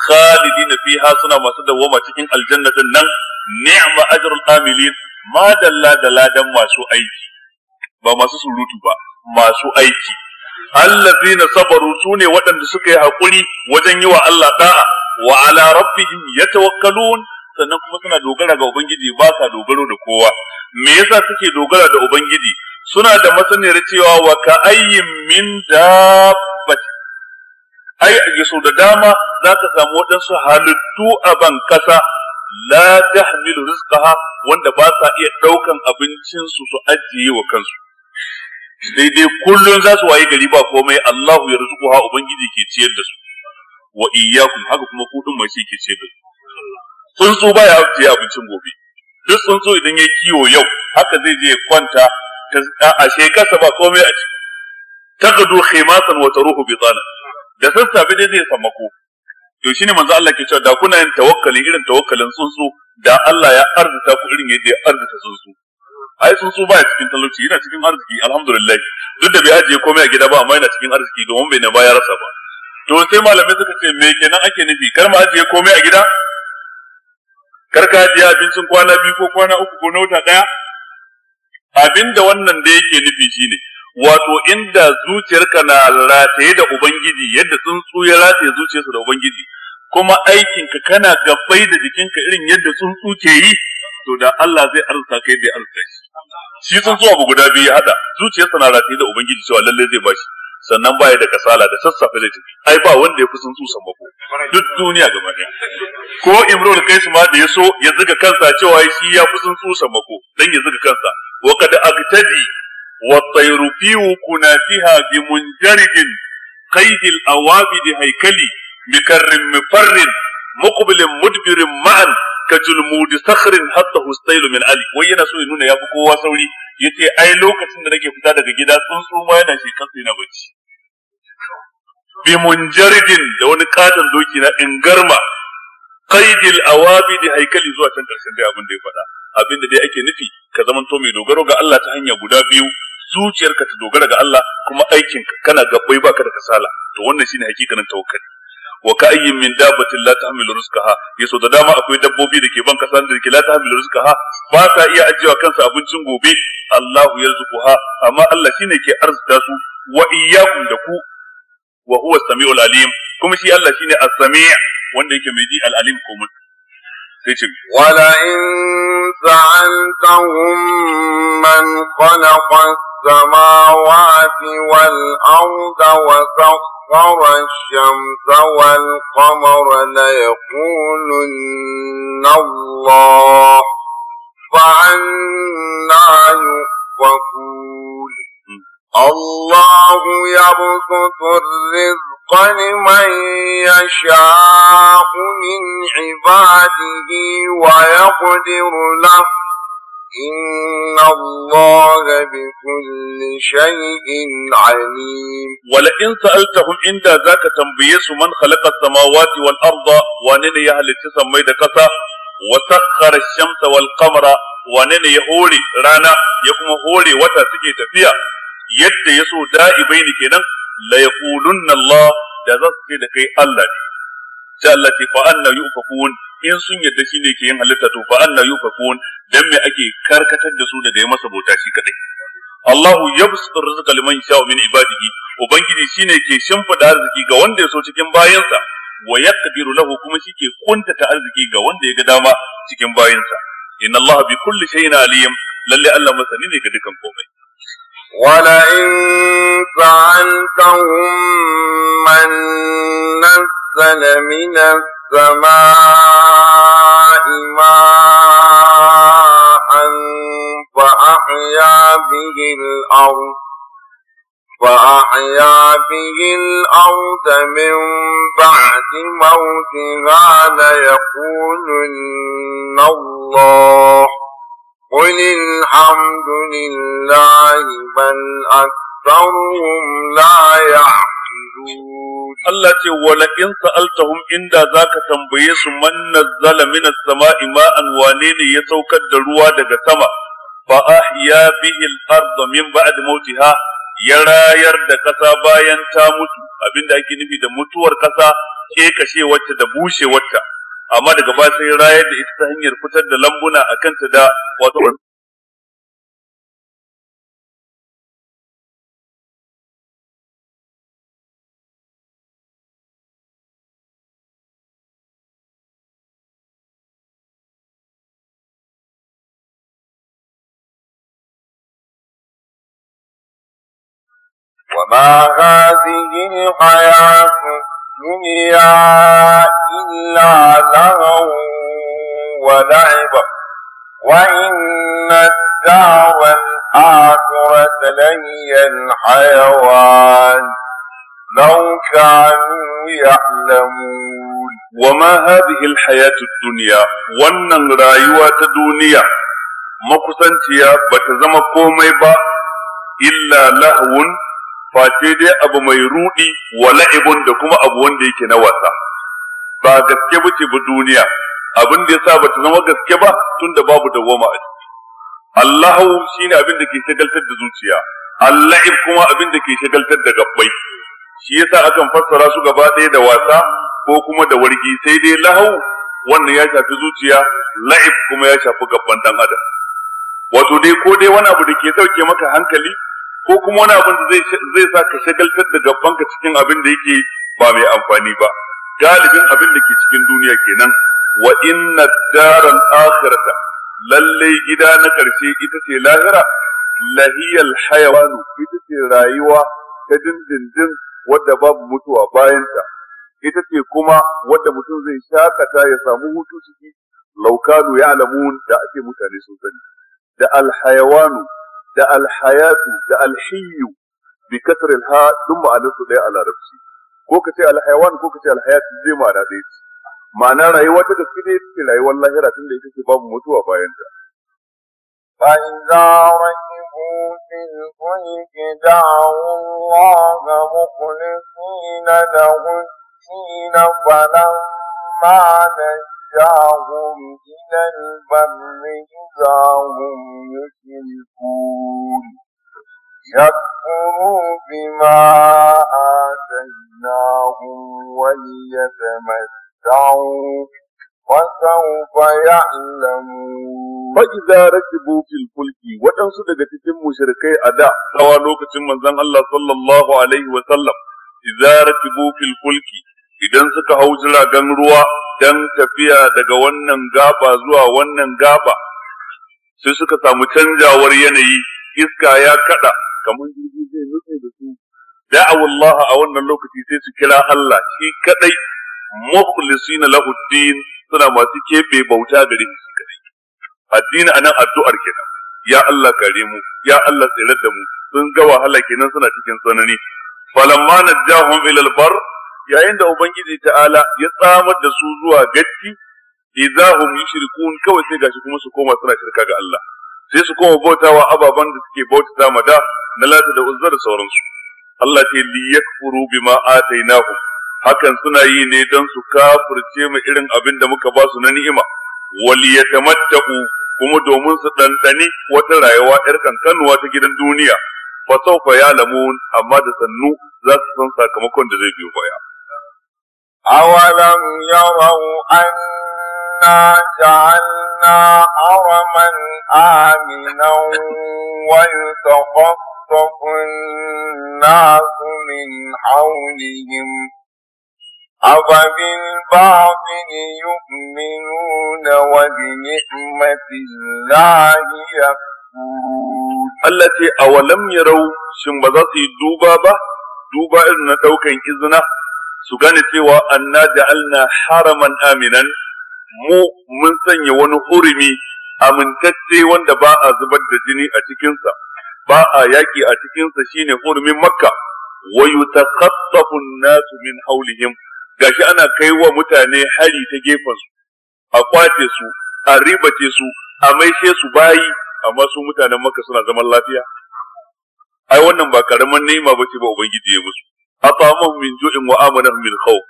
khalidina fiha suna masu dawwama cikin aljannatin nan ni'ma ajrul amilin ma dalla da ladan masu aiki ba masu surutu ba masu aiki allazina su ne waɗanda suka yi hakuri wajen yi wa Allah da'a Wa'ala ala rabbihim yatawakkalun sannan kuma suna dogara ga ubangiji ba sa dogaro da kowa me yasa suke dogara da ubangiji suna da masaniyar cewa wa ka ayyin min dabbat ai a so da dama za ka samu waɗansu halittu a ban kasa la tahmilu rizqaha wanda ba sa iya ɗaukan abincinsu su ajiye wa kansu daidai kullum za su waye gari ba komai Allahu ya ha ubangiji ke ciyar da su wa iyyakum haka kuma kudin mai shi ke ciyar da su tsuntsu baya ajiye abincin gobe duk tsuntsu idan ya kiwo yau haka zai je ya kwanta a shekarsa ba komai a ciki takadu khimatan wa taruhu bitana da sassafe dai zai sammako to ne manzo Allah ke cewa da kuna yin tawakkali irin tawakkalin tsuntsu da Allah ya arzuta ku irin yadda ya arzuta tsuntsu ai tsuntsu ya cikin talauci yana cikin arziki alhamdulillah duk da bai ajiye komai a gida ba amma yana cikin arziki domin bai na ya rasa ba to sai malamai suka ce me kenan ake nufi kar ma ajiye komai a gida kar ka ajiye abincin kwana biyu ko kwana uku ko na wata daya abinda wannan da yake nufi shine ne wato inda zuciyarka na rataye da ubangiji yadda tsuntsu ya rataye zuciyarsa da ubangiji kuma aikinka kana gabbai da jikinka irin yadda tsuntsu ke yi to da Allah zai arzuta kai da arzuta shi shi zo abu guda biyu ya hada zuciyarsa na rataye da ubangiji cewa lalle zai bashi sannan baya da kasala da sassafe da jiki. ai ba wanda ya fi tsuntsu mako duk duniya gaba daya ko imrul kaisu ma da ya so ya zuga kansa cewa shi ya fi tsuntsu mako, dan ya zuga kansa wa kad agtadi والطير في وكناتها بمنجرد قيد الأوابد هيكلي مكر مفر مقبل مدبر معا كجلمود صخر حتى السيل من so وينا nuna نونا يا kowa sauri yace ai lokacin da nake fita daga gida tsuntsu ma yana shekar sai na bacci bi da wani katon doki na ingarma ka'idil, awabi da haikali zuwa can karshen dai abin da ya faɗa abin da dai ake nufi ka zamanto mai dogaro ga Allah ta hanya guda biyu zuciyarka ta dogara ga Allah kuma aikinka kana gabbai baka da kasala to wannan shine hakikanin tawakkali wa ka'ayyin min dabbatin la tahmilu rizqaha yaso da dama akwai dabbobi da ke ban kasa da ke la tahmilu rizqaha ba ta iya ajiyewa kansa abincin gobe Allahu yarzuquha amma Allah shine ke arzuta su wa iyyakum da ku wa huwa samiul alim kuma shi Allah shine as-sami' wanda yake mai ji al-alim komai ولئن سألتهم من خلق السماوات والأرض وسخر الشمس والقمر ليقولن الله فعنا يؤفكون الله يبسط الرزق لمن يشاء من عباده ويقدر له إن الله بكل شيء عليم ولئن سألتهم عند ذاك تنبيس من خلق السماوات والأرض ونن يهل تسمي دكسا وسخر الشمس والقمر ونن يهولي رانا يكم هولي وتا تفيا yadda ya so da'ibai ne kenan la yaqulunna Allah da za su da kai Allah ne sai Allah ce fa anna yufakun in sun yadda shine ke yin halitta to fa anna yufakun dan me ake karkatar da su daga ya masa bauta shi kadai Allahu yabsutu rizqa liman yasha'u min ibadihi ubangiji shine ke shimfida arziki ga wanda ya so cikin bayansa wa yaqdiru lahu kuma shike kuntata arziki ga wanda ya ga dama cikin bayansa inna Allah bi kulli shay'in alim lalle Allah masani ne ga dukan komai ولئن فعلتهم من نزل من السماء ماء فأحيا به الأرض فأحيا به الأرض من بعد موتها ليقولن الله قل الحمد لله بل أكثرهم لا يعقلون الله ce ولئن سألتهم إن ذاك تنبيه من نزل من السماء ماء وانين يسوكر دروا daga sama فأحيا به الأرض من بعد موتها ya rayar da ƙasa bayan ta mutu abinda ake nufi da mutuwar ƙasa ke kashe wacce da bushe wacce amma daga ba sai rayar da ita ta hanyar fitar da lambuna a kanta da wato وما هذه الحياة الدنيا إلا لغو ولعبا وإن الدار الآخرة لهي الحيوان لو كانوا يعلمون وما هذه الحياة الدنيا وأن rayuwa الدنيا duniya makusanciya bata إلا لهو face dai abu mai rudi wa la'ibun da kuma abu wanda yake na wasa ba gaske ba ce ba duniya abin da yasa ba ta zama gaske ba tunda babu dawwama a ciki Allahu ne abin da ke shagaltar da zuciya Allah'ib kuma abin da ke shagaltar da gabbai shi yasa akan fassara su gaba ɗaya da wasa ko kuma da wargi sai dai lahau wannan ya shafi zuciya la'ib kuma ya shafi gabban dan adam wato dai ko dai wani abu da ke sauke maka hankali ko kuma wani abin da zai sa ka shagaltar da gabbanka cikin abin da yake ba mai amfani ba galibin abin da ke cikin duniya kenan wa inna daran akhirata lalle gida na karshe ita ce lahira lahiyal hayawanu ita ce rayuwa ta dindindin wadda babu mutuwa bayanta ita ce kuma wadda mutum zai shakata ya samu hutu ciki laukanu ya alamun da ake mutane sun sani da alhayawanu da alhayatu da alhiyu bi kasr alha duk ma'anarsu ɗaya a larabci ko ka ce alhayawan ko ka ce alhayatu zai ma'ana ɗaya ce ma'ana rayuwa ta gaske ne ce rayuwar lahira tun da ita ce babu mutuwa bayan ta فإذا ركبوا في الفلك دعوا الله مخلصين له الدين فلما نجوا ورجعهم إلى البر إذا هم يشركون يكفروا بما آتيناهم وليتمتعوا وسوف يعلمون فإذا ركبوا في الفلك وتنسو daga cikin mushrikai a da tsawa lokacin manzon Allah sallallahu alaihi wa sallam idza rakibu fil fulki idan suka hau jiragen ruwa dan tafiya daga wannan gaba zuwa wannan gaba sai suka samu canjawar yanayi iska ya kada kamar jirgin zai nutse da su da'awu Allah a wannan lokaci sai su kira Allah shi kadai mukhlisina lahu din suna masu kebe bauta gare shi kadai addini anan addu'ar kenan ya Allah kare mu ya Allah tsere da mu sun ga wahala kenan suna cikin tsanani falamma najahum ila albar yayin da ubangiji ta'ala ya tsamar da su zuwa gatti idza hum yushrikun kawai sai gashi kuma su koma suna shirka ga Allah sai su koma bautawa ababan da suke bautata ma da na lata da uzzar sauransu Allah ta yi yakfuru bima atainahu hakan suna yi ne don su kafirce mu irin abin da muka ba su na ni'ima wal yatamattahu kuma domin su dandani wata rayuwa yar kankanuwa ta gidan duniya fa sawfa lamun amma da sannu za su san sakamakon da zai biyo baya أولم يروا أنا جعلنا حرما آمنا ويتخطف الناس من حولهم أفبالباطل يؤمنون وبنعمة الله يكفرون التي أولم يروا شنبذات دوبا با دوبا إذن دوكا إذنه su gane cewa anna ja'alna haraman aminan mu mun sanya wani hurumi amintacce wanda ba a zubar da jini a cikinsa ba a yaƙi a cikinsa shine hurumin makka wa ta an-nasu min hawlihim gashi ana kai wa mutane hari ta gefen su a kwace su a ribace su a maishe su bayi amma su mutanen makka suna zaman lafiya ai wannan ba karaman ni'ima bace ba ubangiji ya musu atamahum min ju'in wa amanahum min khawf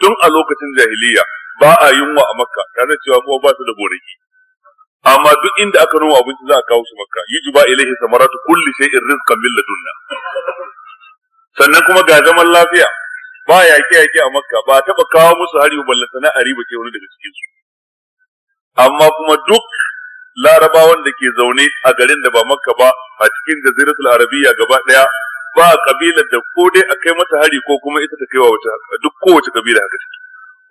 tun a lokacin jahiliya ba a yunwa a makka tare cewa kuma ba su da gonaki amma duk inda aka noma abinci za a kawo su makka ba ilaihi samaratu kulli shay'in rizqan min ladunna sannan kuma ga zaman lafiya ba yaƙe yaƙe a makka ba taɓa kawo musu hari ba sana a riba ke wani daga cikin su amma kuma duk larabawan da ke zaune a garin da ba makka ba a cikin jaziratul arabiya gaba ɗaya ba kabilar da ko dai a kai mata hari ko kuma ita ta kai wa wata duk kowace kabila haka take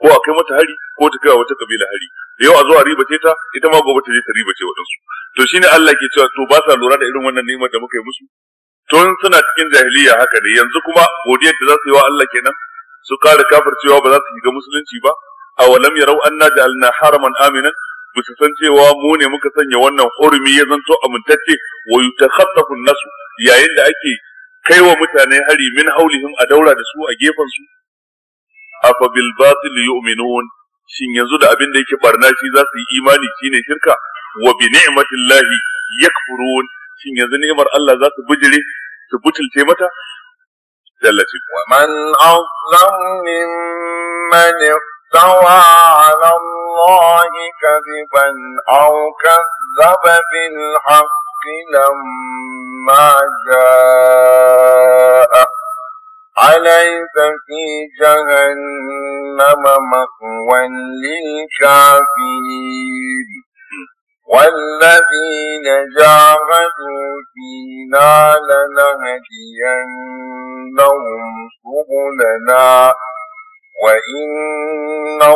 ko a kai mata hari ko ta kai wa wata kabila hari da yau a zo a ribace ta ita ma gobe ta je ta ribace waɗansu to shine Allah ke cewa to ba sa lura da irin wannan ni'imar da muka yi musu tun suna cikin jahiliya haka ne yanzu kuma godiyar da za su yi wa Allah kenan su kare kafircewa ba za su shiga musulunci ba awalam yarau anna ja'alna haraman aminan bisa san cewa mu ne muka sanya wannan hurumi ya zanto amintacce wa yutakhattafu nasu yayin da ake kai wa mutane hari min haulihim a daura da su a gefen su afa bil batil yu'minun shin yanzu da abin da yake barna shi za su yi imani ne shirka wa bi ni'matillahi yakfurun shin yanzu ni'imar Allah za su bijire su butulce mata dallaci wa man azlam mimman istawa ala Allah kadiban aw kazzaba bil haqq لما جاء عليك في جهنم مقوى للكافرين والذين جاهدوا فينا لنهدينهم سبلنا وإن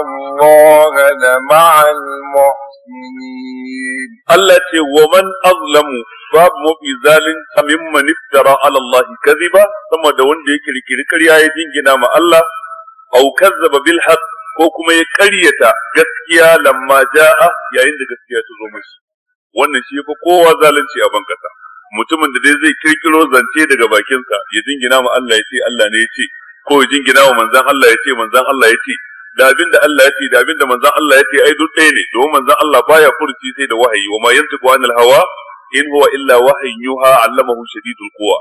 الله لمع المحسنين الله ومن أظلم باب mafi zalunta mimman iftara ala Allah kadhiba sama da wanda ya kirkiri karya ya jingina ma Allah aw kazzaba bil ko kuma ya ƙaryata gaskiya lamma ja'a yayin da gaskiya ta zo mashi wannan shi fa kowa zalunci a bankasa mutumin da dai zai ƙirƙiro zance daga bakinsa ya jingina ma Allah ya ce Allah ne ya ce ko jingina wa manzan Allah ya ce manzan Allah ya ce da abin da Allah ya ce da abin da manzan Allah ya ce ai duk ɗaya ne domin manzan Allah baya furci sai da wahayi wa ma yantiqu anil hawa in huwa illa wahyin yuha allamahu shadidul quwa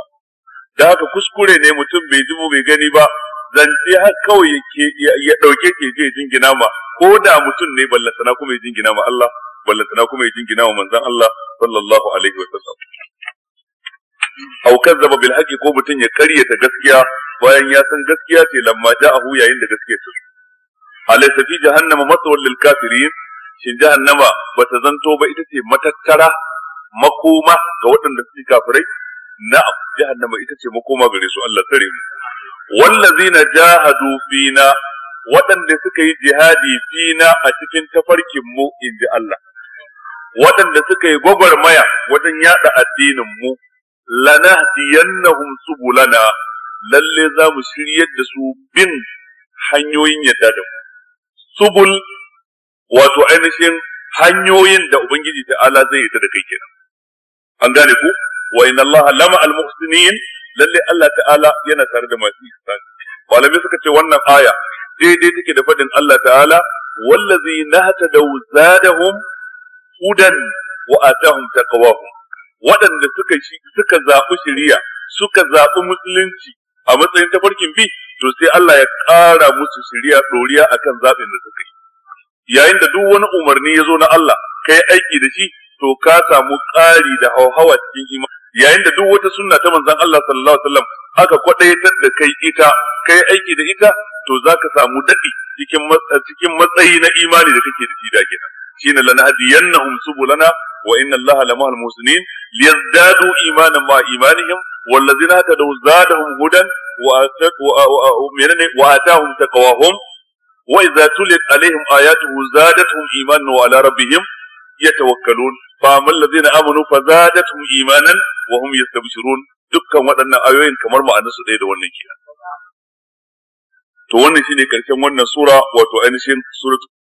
da haka kuskure ne mutum bai ji bai gani ba zance har kawai ya ɗauke ke je jingina ma ko da mutum ne ballatana kuma ya jingina ma Allah ballatana kuma ya jingina wa manzan Allah sallallahu alaihi wa sallam aw kazzaba bil ko mutum ya karyata gaskiya bayan ya san gaskiya ce lamma ja'ahu yayin da gaskiya ta zo alaysa fi jahannama maswal lil kafirin shin jahannama bata zanto ba ita ce matattara makoma ga waɗanda suke kafirai na'am jahannama ita ce makoma gare su Allah tsare wallazina jahadu fina waɗanda suka yi jihadi fina a cikin tafarkin mu inji Allah waɗanda suka yi gwagwarmaya wajen yada addinin mu lanahdiyannahum subulana lalle za mu shiryar da su bin hanyoyin yadda da mu subul wato ainihin hanyoyin da ubangiji ala zai yarda da kai kenan an gane ku wa inna Allah lama al-muhsinin lalle Allah ta'ala yana tare da masu ihsani malamai suka ce wannan aya daidai take da faɗin Allah ta'ala wallazi nahtadaw zadahum hudan wa atahum taqwahum waɗanda suka shi suka zaɓi shari'a suka zaɓi musulunci a matsayin tafarkin bi to sai Allah ya ƙara musu shari'a ɗoriya akan zaɓin da suka yi yayin da duk wani umarni ya zo na Allah ka yi aiki da shi to ka samu ƙari da hauhawa cikin ima yayin da duk wata sunna ta manzon Allah sallallahu alaihi wasallam aka kwadaitar da kai ita ka yi aiki da ita to za ka samu daɗi a cikin matsayi na imani da kake da shi da kenan shine lanahdiyannahum subulana wa inna allaha lamahal muhsinin liyazdadu imanan ma imanihim wallazina hadaw zadahum hudan wa menene wa atahum taqwahum wa idza tuliyat alaihim ayatuhu zadatuhum imanan wa ala rabbihim yatawakkalun fa dukkan waɗannan ayoyin kamar ma'anarsu ɗaya da wannan kenan to wannan shine ƙarshen wannan sura wato ainihin suratul